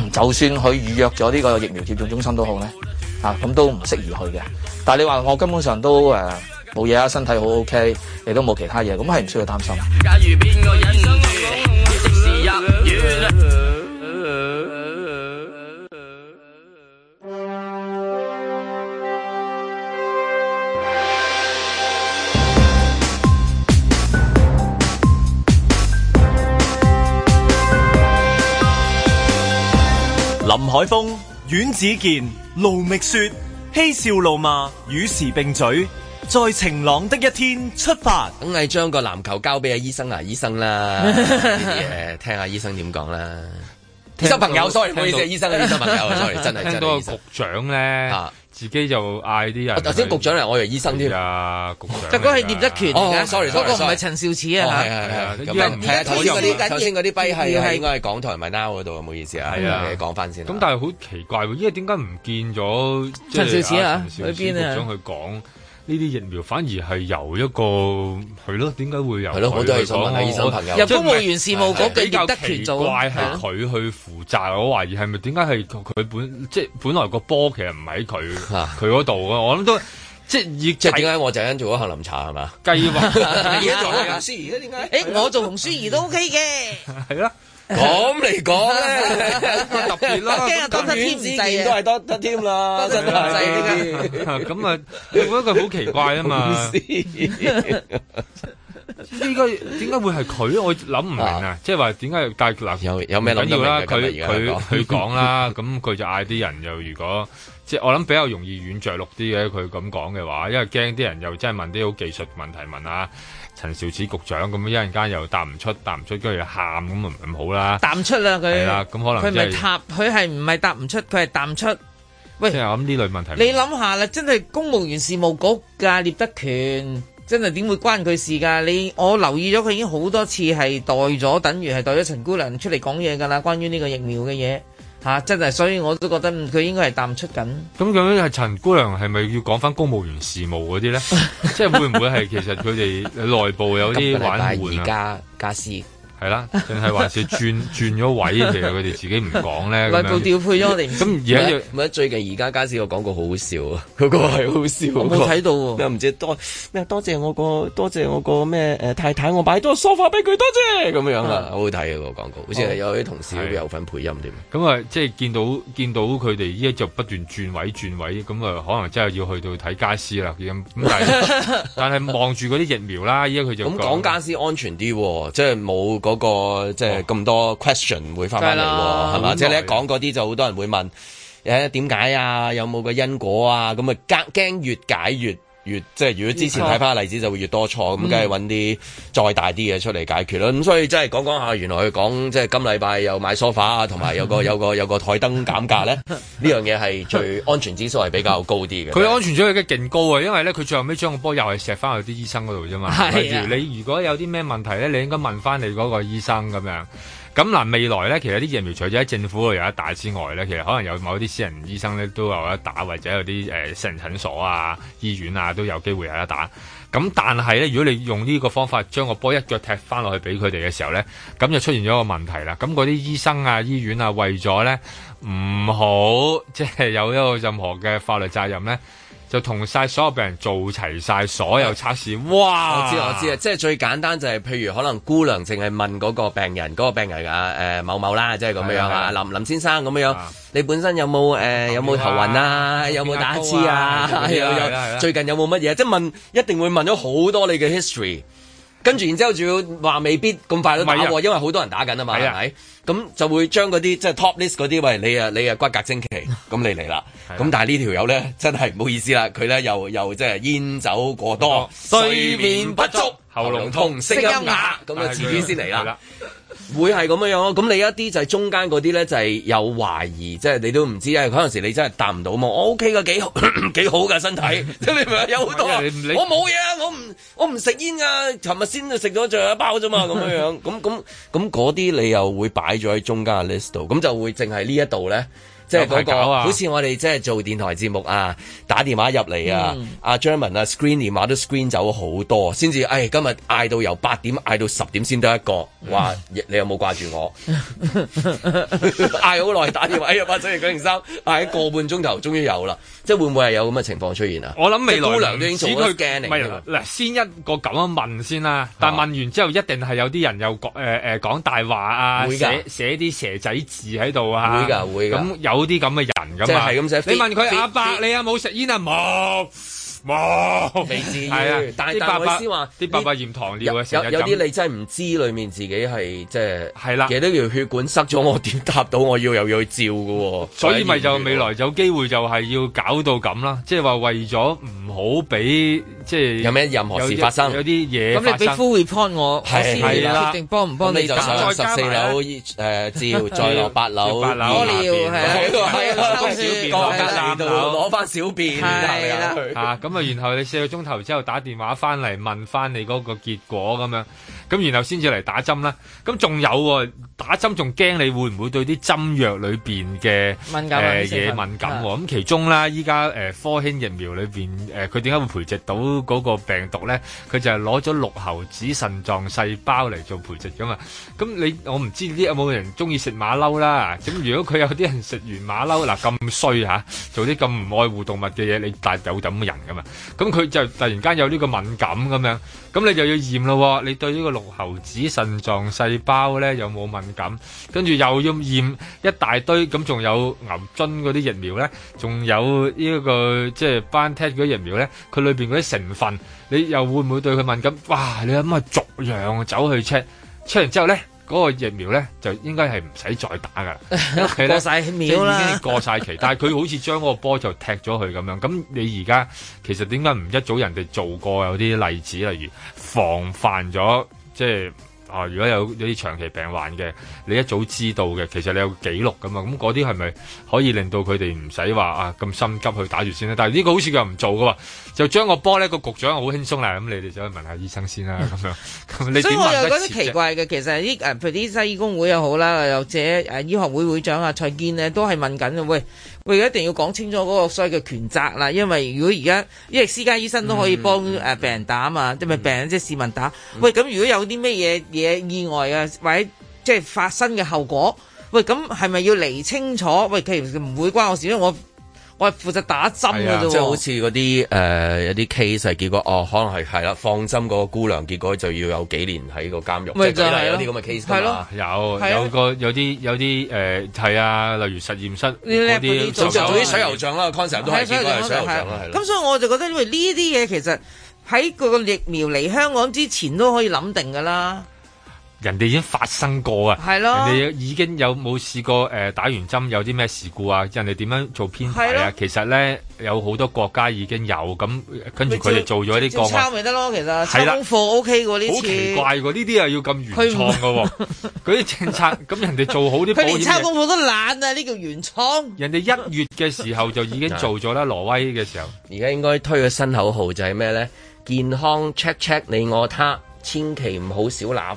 S4: 就算佢預約咗呢個疫苗接種中心都好咧，啊咁都唔適宜去嘅。但係你話我根本上都誒冇嘢啊，身體好 OK，亦都冇其他嘢，咁係唔需要擔心。
S1: 林海峰、阮子健、盧覓雪、嬉笑怒罵、與時並嘴，在晴朗的一天出發，梗係將個籃球交俾阿醫生啊，醫生啦，呢啲嘢聽下醫生點講啦。聽
S3: 到醫生朋友，sorry，唔好意思，聽到醫生啊，醫生朋友，sorry， 真係聽到個
S2: 局長咧生。啊自己就嗌啲人。我頭先局長嚟，我以為醫生添。啊，局長。就嗰係聶德權。sorry，嗰個唔係陳肇始啊。係係係。啲係頭先啲，頭先嗰啲碑係係我係港台咪 now 嗰度啊，唔好意思啊。係啊，講翻先。咁但係好奇怪喎，因為點解唔見咗陳肇始啊？邊個局長去講？呢啲疫苗反而係由一個係咯，點解會由佢去講？我入公務員事務局比聶德權做，怪係佢去負責，我懷疑係咪，點解係佢，本即係本來個波其實唔喺佢佢嗰度啊。我諗都即係點解我就因做咗下午茶係嘛？計劃
S3: 嘢做司儀點解？誒，我做同司儀都 OK 嘅，係咯。咁嚟講咧，呢 特別咯。驚 啊！當得添，自然都係多得添啦。多啦，
S2: 咁啊，佢嗰個好奇怪啊嘛。點解點解會係佢？我諗唔明啊！即係話點解？但係嗱，有有咩諗？梗係佢佢佢講啦。咁佢就嗌啲人又，如果即係我諗比較容易軟着陸啲嘅，佢咁講嘅話，因為驚啲人又真係問啲好技術問題問啊。 陳肇始局長咁樣一陣間又答唔出，答唔出跟住喊咁啊唔好啦，答唔出啦
S3: 佢係啦，咁了、嗯、可能佢唔係答佢係唔係答唔出，佢係答唔出。喂，我諗呢類問題，你諗下啦，真係公務員事務局噶，聶德權真係點會關佢事㗎？你我留意咗佢已經好多次係代咗，等於係代咗陳姑娘出嚟講嘢㗎啦，關於呢個疫苗嘅嘢。吓、啊！真係，所以我都覺得佢應該係淡出緊。
S2: 咁、嗯、究竟係陳姑娘係咪要講翻公務員事務嗰啲咧？ 即係會唔會係其實佢哋內部有啲玩
S3: 家私。係啦，定係 還是轉
S2: 轉咗位，其實佢哋自己唔講咧。唔係做調配咗我哋。咁而家又，
S1: 咪 最近而家傢俬個廣告好好笑啊！佢個係好笑，我睇到咩、啊、唔知多咩？多謝我個多謝我個咩誒太太，我擺多個梳化俾佢多謝咁樣啦，
S2: 好好睇、個廣告。好似係有啲同事有份配音點？咁啊，即係見到見到佢哋依家就不斷轉位轉位，咁、嗯、啊、嗯，可能真係要去到睇傢俬啦。咁 但係但係望住嗰啲疫苗啦，依 家佢就咁講傢俬安全啲、啊，即係冇嗰個、即係、即係咁多 question 會翻返嚟，係嘛？即係你一
S1: 講啲就好多人會問，誒點解啊？有冇個因果啊？咁啊，隔驚越解越。越即係如果之前睇翻例子就會越多錯，咁梗係揾啲再大啲嘅出嚟解決啦。咁、嗯、所以即係講講下，原來佢講即係今禮拜又買梳化啊，同埋有，有個有個有個台燈減價咧。呢 樣嘢係最安全指數係比較高啲嘅。佢
S2: 是安全咗，數嘅勁高啊，因為咧佢最後尾將個波又係錫翻去啲醫生嗰度啫嘛。
S3: 例
S1: 的如你
S2: 如果有啲咩問題咧，你應該問翻你嗰個醫生咁樣。咁嗱，未來呢，其實啲疫苗除咗喺政府度有得打之外呢，其實可能有某啲私人醫生呢，都有得打，或者有啲誒私人診所啊、醫院啊都有機會有得打。咁但係呢，如果你用呢個方法將個波一腳踢翻落去俾佢哋嘅時候呢，咁就出現咗一個問題啦。咁嗰啲醫生啊、醫院啊，為咗呢，唔好，即係有一個任何嘅法律責任呢。就同晒所有病人做齊晒所有測試，哇！我知我知啊，
S1: 即係最簡單就係、是，譬如可能姑娘淨係問嗰個病人嗰、那個病人啊誒、呃、某某啦，即係咁樣啊，的林林先生咁樣，啊、你本身有冇誒有冇、呃啊、頭暈啊？有冇打癡啊？有有最近有冇乜嘢？即係問，一定會問咗好多你嘅 history。跟住，然之後仲要話未必咁快都打喎，因為好多人打緊啊嘛，係咪？咁就會將嗰啲即係 top list 嗰啲，喂，你啊你啊骨骼精奇，咁你嚟啦。咁但係呢條友咧真係唔好意思啦，佢咧又又即係煙酒過多、睡眠不足、喉嚨痛、聲音啞，咁就遲啲先嚟啦。會係咁樣樣咯，咁你一啲就係中間嗰啲咧，就係、是、有懷疑，即係你都唔知，因為嗰陣時你真係答唔到嘛。我 OK 嘅幾好幾 好嘅身體，即明唔明？有好多， 我冇嘢啊，我唔我唔食煙啊，尋日先就食咗最後一包啫嘛，咁樣樣，咁咁咁嗰啲你又會擺咗喺中間嘅 list 度，咁就會淨係呢一度咧。即係嗰、那個，好似、啊、我哋即係做電台節目啊，打電話入嚟啊，阿 Jeremy、嗯、啊，screen、啊、電話都 screen 走好多，先至，哎，今日嗌到由八點嗌到十點先得一個，話 你有冇掛住我？嗌 好耐，打電話入嚟，所以九零三嗌個半鐘頭，終於有啦。即係會唔會係有咁嘅情況出現啊？我諗未來姑娘都，始終驚㗎。
S2: 嗱，先一個咁樣問先啦，但係問完之後一定係有啲人又、呃、講，誒誒講大話啊，會的寫寫啲蛇仔字喺度啊，會㗎會咁的有啲咁嘅人咁啊，係咁寫，你問佢 fe el 阿伯，你有冇食煙啊？冇。冇未知，但但佢先話啲八百驗糖尿嘅時候，有啲你
S1: 真係唔知裏面自己係即係係啦，幾多條血管塞咗，我點答到？我要又要照嘅喎，所以咪就未來
S2: 有機會就係要搞到咁啦，即係話為咗唔好俾即係有咩任何事發生，有啲嘢咁你俾 full
S3: report 我先決定幫唔幫？咁你就上十四樓誒照，再落
S1: 八樓尿，攞翻小便，攞
S2: 翻小便嚇咁。咁啊，然後你四個鐘頭之後打電話翻嚟問翻你嗰個結果咁樣。咁然後先至嚟打針啦，咁仲有打針仲驚你會唔會對啲針藥裏邊嘅敏誒嘢敏感喎？咁其中啦，依家誒科興疫苗裏邊誒，佢點解會培植到嗰個病毒咧？佢就係攞咗綠猴子腎臟細胞嚟做培植噶嘛。咁你我唔知呢有冇人中意食馬騮啦？咁如果佢有啲人食完馬騮嗱咁衰吓，做啲咁唔愛護動物嘅嘢，你但有咁嘅人噶嘛？咁佢就突然間有呢個敏感咁樣。咁你又要驗咯，你對呢個綠猴子腎臟細胞咧有冇敏感？跟住又要驗一大堆，咁仲有牛津嗰啲疫苗咧，仲有呢、這、一個即係 BioNTech 嗰啲疫苗咧，佢裏邊嗰啲成分，你又會唔會對佢敏感？哇！你咁啊，逐樣走去 check，check 完之後咧。嗰個疫苗咧就應該係唔使再打噶，到期都使啦，即係已經過晒期。但係佢好似將嗰個波就踢咗佢咁樣。咁你而家其實點解唔一早人哋做過有啲例子，例如防範咗即係。啊！如果有啲長期病患嘅，你一早知道嘅，其實你有記錄噶嘛？咁嗰啲係咪可以令到佢哋唔使話啊，咁心急去打住先呢？但係呢個好似佢又唔做噶喎，就將個波呢個局長好輕鬆啦。咁你哋就去問下醫生先啦。咁、嗯、樣，所以我又覺得奇怪
S3: 嘅，其實啲誒，譬如啲西醫工會又好啦，或者誒醫學會會長啊，蔡堅呢都係問緊啊，喂。喂，而家一定要講清楚嗰個所謂嘅權責啦。因為如果而家因為私家醫生都可以幫誒病人打啊嘛，嗯嗯、即係咪病人即係市民打？嗯、喂，咁如果有啲咩嘢嘢意外啊，或者即係發生嘅後果，喂，咁係咪要厘清楚？喂，其實唔會關我事，因為我。我係負責打針嘅啫，即係、啊、好似
S1: 嗰啲誒有啲 case，結果哦可能係係啦，放心嗰個姑娘，結果
S2: 就要有幾年喺個監獄，即係、就是、有啲咁嘅 case 係嘛？有個有個有啲有啲誒係啊，例如實驗室嗰啲，總之嗰啲水油像啦，concept 都應該係水油仗啦，係啦、啊。咁、啊啊啊、所
S3: 以我就覺得，因為呢啲嘢其實喺個疫苗嚟香港之前都可以諗定㗎啦。
S2: 人哋已經發生過啊，係是咯，人哋已經有冇試過誒、呃、打完針有啲咩事故啊？人哋點樣做編排啊？是咯 其實咧有好多國家已經有咁跟住佢哋做咗啲國。抄咪
S3: 得咯，其實抄功的課 OK 嘅，呢次好奇
S2: 怪喎，呢啲又要咁原創嘅喎，嗰啲不政策咁 人哋做好啲保險。連功
S3: 課都懶啊，呢叫原創。
S2: 人哋一月嘅時候就已經做咗啦， 挪威
S1: 嘅時候。而家應該推嘅新口號就係咩咧？健康 check check 你我他，千祈唔好小攬。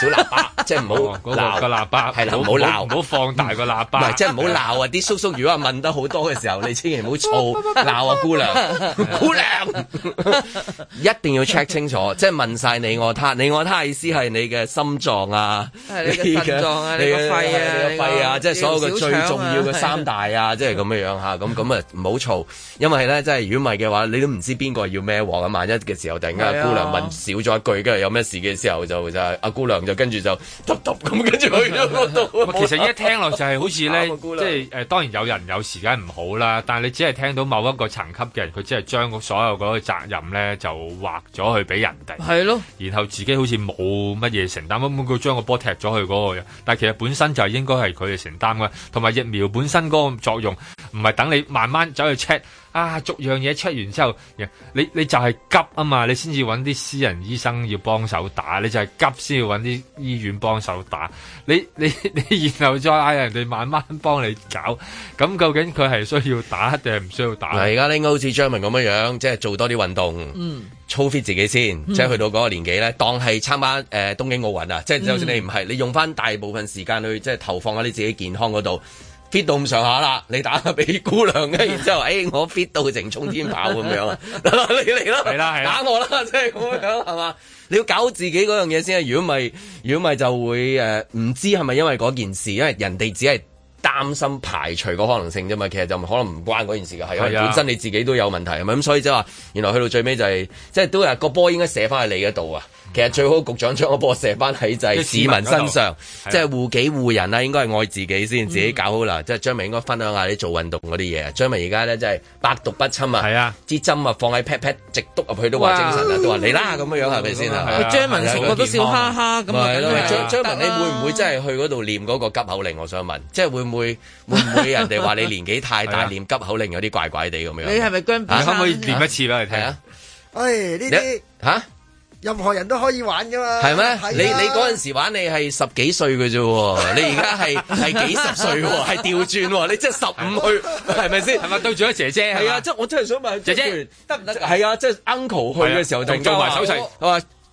S1: 小喇叭，即係唔好嗱個喇叭，係啦，唔好鬧，唔好放大個喇叭。即係唔好鬧啊！啲叔叔如果問得好多嘅時候，你千祈唔好嘈鬧啊，姑娘，
S3: 姑娘，
S1: 一定要 check 清楚，即係問晒你我他，你我他意思係你嘅心臟啊，你嘅肺啊，你嘅肺啊，即係所有嘅最重要嘅三大啊，即係咁嘅樣吓，咁咁啊唔好嘈，因為咧，即係如果唔係嘅話，你都唔知邊個係要孭鑊啊！萬一嘅時候，突然間姑娘問少咗一句，
S2: 跟住有咩事嘅時候，就就係阿姑娘。就跟住就突咁
S1: 跟住去 其實
S2: 一聽落就係好似咧， 啊、即係誒、呃，當然有人有時間唔好啦，但係你只係聽到某一個層級嘅人，佢只係將所有嗰個責任咧就劃咗去俾人哋。係咯，然後自己好似冇乜嘢承擔，咁佢將個波踢咗去嗰、嗰個，但係其實本身就係應該係佢哋承擔嘅，同埋疫苗本身嗰個作用，唔係等你慢慢走去 check。啊，逐樣嘢出完之後，你你就係急啊嘛，你先至揾啲私人醫生要幫手打，你就係急先要揾啲醫院幫手打，你你你 然後再嗌人哋慢慢幫你搞，咁究竟佢係需要打定係唔需要打？而
S1: 家啲好似張文咁樣樣，即係做多啲運動，嗯、操 fit 自己先，嗯、即係去到嗰個年紀咧，當係參加誒東京奧運啊，即係就算你唔係，嗯、你用翻大部分時間去即係投放喺你自己健康嗰度。fit 到咁上下啦，你打下俾姑娘嘅， 然之後，誒、哎、我 fit 到佢，成沖天跑咁樣， 你嚟啦吧，嚟啦，打我啦，即係咁樣係嘛？你要搞自己嗰樣嘢先啊！如果咪如果咪就會誒唔、呃、知係咪因為嗰件事，因為人哋只係擔心排除嗰可能性啫嘛。其實就可能唔關嗰件事嘅，係因為本身你自己都有問題係咪？咁的所以即係話，原來去到最尾就係、是、即係都係個波應該射翻去你嗰度啊。其實最好局長將個波射翻喺就係市民身上，即係護己護人啊。應該係愛自己先，自己搞好啦。即係張明應該分享下啲做運動嗰啲嘢。張明而家咧真係百毒不侵啊！係啊，支針啊放喺 pat pat 直督入去都話精神啊，都話你啦咁樣樣係咪先啊？張文成個都笑哈哈咁樣樣。張文你會唔會真係去嗰度念嗰個急口令？我想問，即係會唔會會唔會人哋話你年紀太大念急口令有啲怪怪地咁樣？你係咪？你可唔可以念一次俾我睇？
S2: 哎，呢啲吓。任何人都可以玩噶嘛？係咩？你你嗰陣
S1: 時玩你係十幾歲嘅啫喎，你而家係係幾十歲喎，係調轉喎，你即係十五去係咪先？係咪對住阿姐姐？係啊！即係我真係想問姐姐得唔得？係啊！即係 Uncle 去嘅時候就做埋手勢係嘛？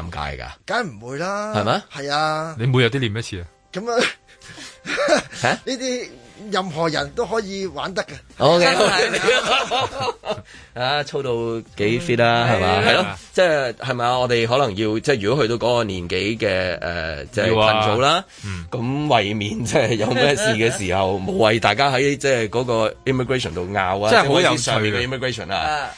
S1: 尷尬噶，
S2: 梗係唔會啦，係咪？係啊，你每日啲練一次啊？咁樣，呢啲任何人都可以玩得噶。OK，
S1: 啊，操到幾 fit 啦，係嘛？係咯，即係係咪啊？我哋可能要即係如果去到嗰個年紀嘅誒，即係盡早啦。咁為免即係有咩事嘅時候，無謂大家喺即係嗰個 immigration 度拗啊，即係好有趣嘅 immigration 啊。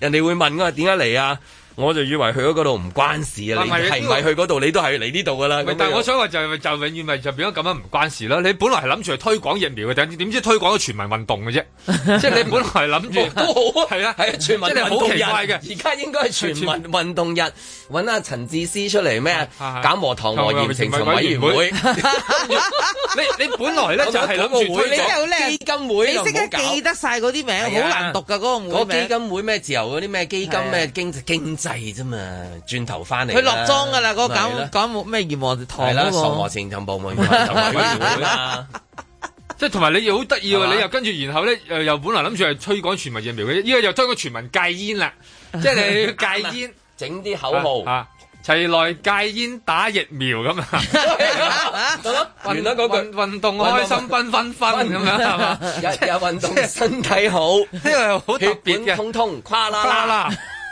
S1: 人哋會問啊，點解嚟啊？我就以為去
S2: 咗嗰度唔關事啊！你係唔係去嗰度？你都係嚟呢度噶啦。但係我想話就係就永遠咪就變咗咁樣唔關事咯。你本來係諗住嚟推廣疫苗嘅，點知推廣咗全民運動嘅啫？即係你本來諗住都好係啊！係啊！全民運動，好奇怪嘅，而
S1: 家應該係全民運動日。揾阿陳智思出嚟咩？減和糖和鹽情同委員會。你你本來咧就係諗住基金會，你即刻記
S3: 得晒嗰啲名，好難讀噶嗰個名。嗰基
S1: 金會咩？自由嗰啲咩基金咩經濟？細啫嘛，
S2: 轉頭翻嚟佢落妝噶啦，我搞講咩願望堂，神魔戰爭博物館，即係同埋你又好得意，你又跟住，然後咧又本來諗住係推廣全民疫苗嘅，依家又將個全民戒煙啦，即係你戒
S1: 煙整啲口號
S2: 啊，齊來戒煙打疫苗咁啊，完咗嗰句運動開心分分分咁樣係嘛，日日
S1: 運動身體好，呢個又好血便通通，誇啦啦啦。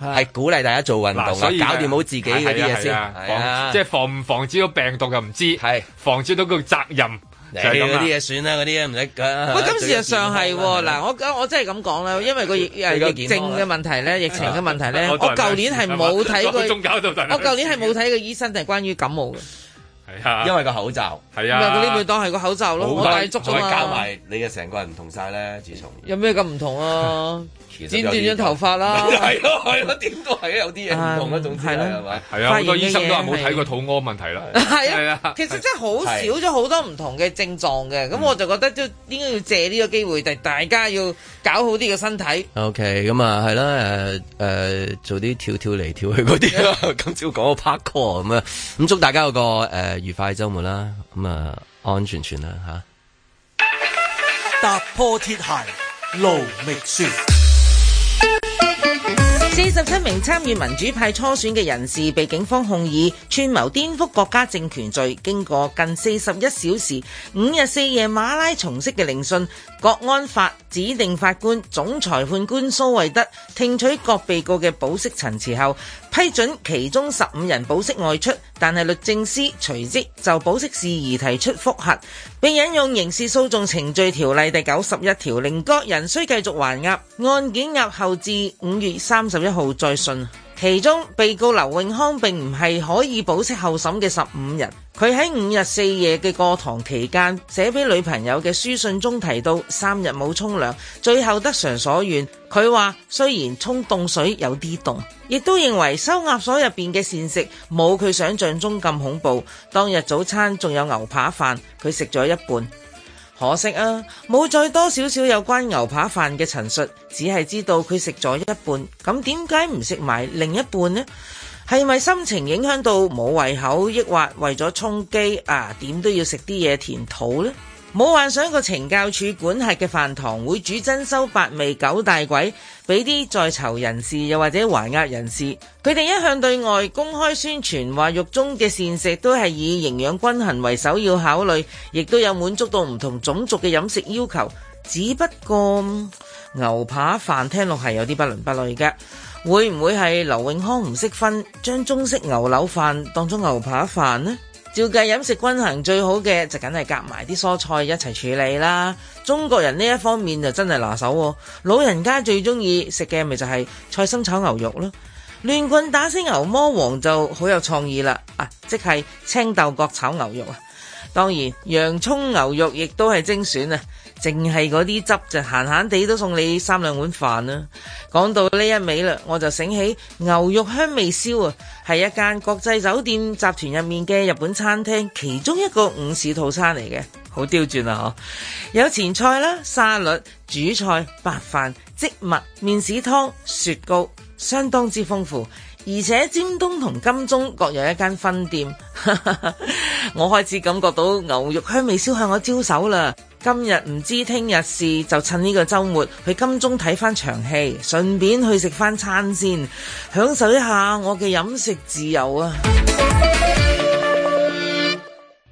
S2: 係鼓勵大家做運動，所以搞掂好自己嗰啲嘢先，即係防唔防止到病毒又唔知，係防止到個責任。嗰啲嘢算啦，嗰啲嘢唔使噶。喂，今事實上係嗱，
S3: 我我真係咁講啦，因為個疫症嘅問題咧，疫情嘅問題咧，我舊年係冇睇過。我舊年係冇睇過醫生，定係關於感冒嘅。係
S1: 啊，因為個口罩係啊，你咪
S3: 當係個口罩咯，我戴足咗嘛。你嘅
S1: 成個人唔同
S2: 晒咧，自從
S3: 有咩咁唔同啊？
S2: 剪短咗頭髮啦，係咯，係咯，點都係有啲嘢唔同啊。總之係咪？係啊，好多醫生都話冇睇過肚屙問題啦。
S3: 係啊，係啊，其實真係好少咗好多唔同嘅症狀嘅，咁我就覺得都應該要借呢個機會，大家要搞好啲個身體。
S1: OK，咁啊，係啦，誒誒，做啲跳跳嚟跳去嗰啲啦。今朝講個 parkour 咁啊，咁祝大家有個誒愉快嘅週末啦。咁啊，安全全啦吓，
S5: 踏破
S3: 鐵鞋路未絕。四十七名參與民主派初選嘅人士被警方控以串謀顛覆國家政權罪，經過近四十一小時、五日四夜馬拉松式嘅聆訊，國安法指定法官總裁判官蘇惠德聽取各被告嘅保釋陳詞後，批准其中十五人保釋外出，但係律政司隨即就保釋事宜提出複核，並引用刑事訴訟程序條例第九十一條，令各人需繼續還押，案件押後至五月三十一號再訊。其中被告劉永康並唔係可以保釋候審嘅十五人，佢喺五日四夜嘅過堂期間，寫俾女朋友嘅書信中提到三日冇沖涼，最後得償所願。佢話雖然沖凍水有啲凍，亦都認為收押所入邊嘅膳食冇佢想象中咁恐怖。當日早餐仲有牛扒飯，佢食咗一半。可惜啊，冇再多少少有關牛扒飯嘅陳述，只係知道佢食咗一半，咁點解唔食埋另一半呢？係咪心情影響到冇胃口，抑或為咗充飢啊，點都要食啲嘢填肚呢？冇幻想過懲教處管轄嘅飯堂會煮珍饈百味九大簋俾啲在囚人士又或者還押人士，佢哋一向對外公開宣傳話獄中嘅膳食都係以營養均衡為首要考慮，亦都有滿足到唔同種族嘅飲食要求。只不過牛扒飯聽落係有啲不倫不類嘅，會唔會係劉永康唔識分，將中式牛柳飯當咗牛扒飯呢？照計飲食均衡最好嘅就梗係夾埋啲蔬菜一齊處理啦。中國人呢一方面就真係拿手喎。老人家最中意食嘅咪就係菜心炒牛肉咯。亂棍打死牛魔王就好有創意啦。啊，即係青豆角炒牛肉啊。當然，洋葱牛肉亦都係精選啊。淨係嗰啲汁就閒閒地都送你三兩碗飯啊，講到呢一味啦，我就醒起牛肉香味燒啊，係一間國際酒店集團入面嘅日本餐廳，其中一個午市套餐嚟嘅，好刁鑽啊！有前菜啦、沙律、主菜、白飯、植物、麵豉湯、雪糕，相當之豐富。而且尖東同金鐘各有一間分店， 我開始感覺到牛肉香味燒向我招手啦。今日唔知聽日事，就趁呢個周末去金鐘睇返場戲，順便去食翻餐先，享受一下我嘅飲食自由啊！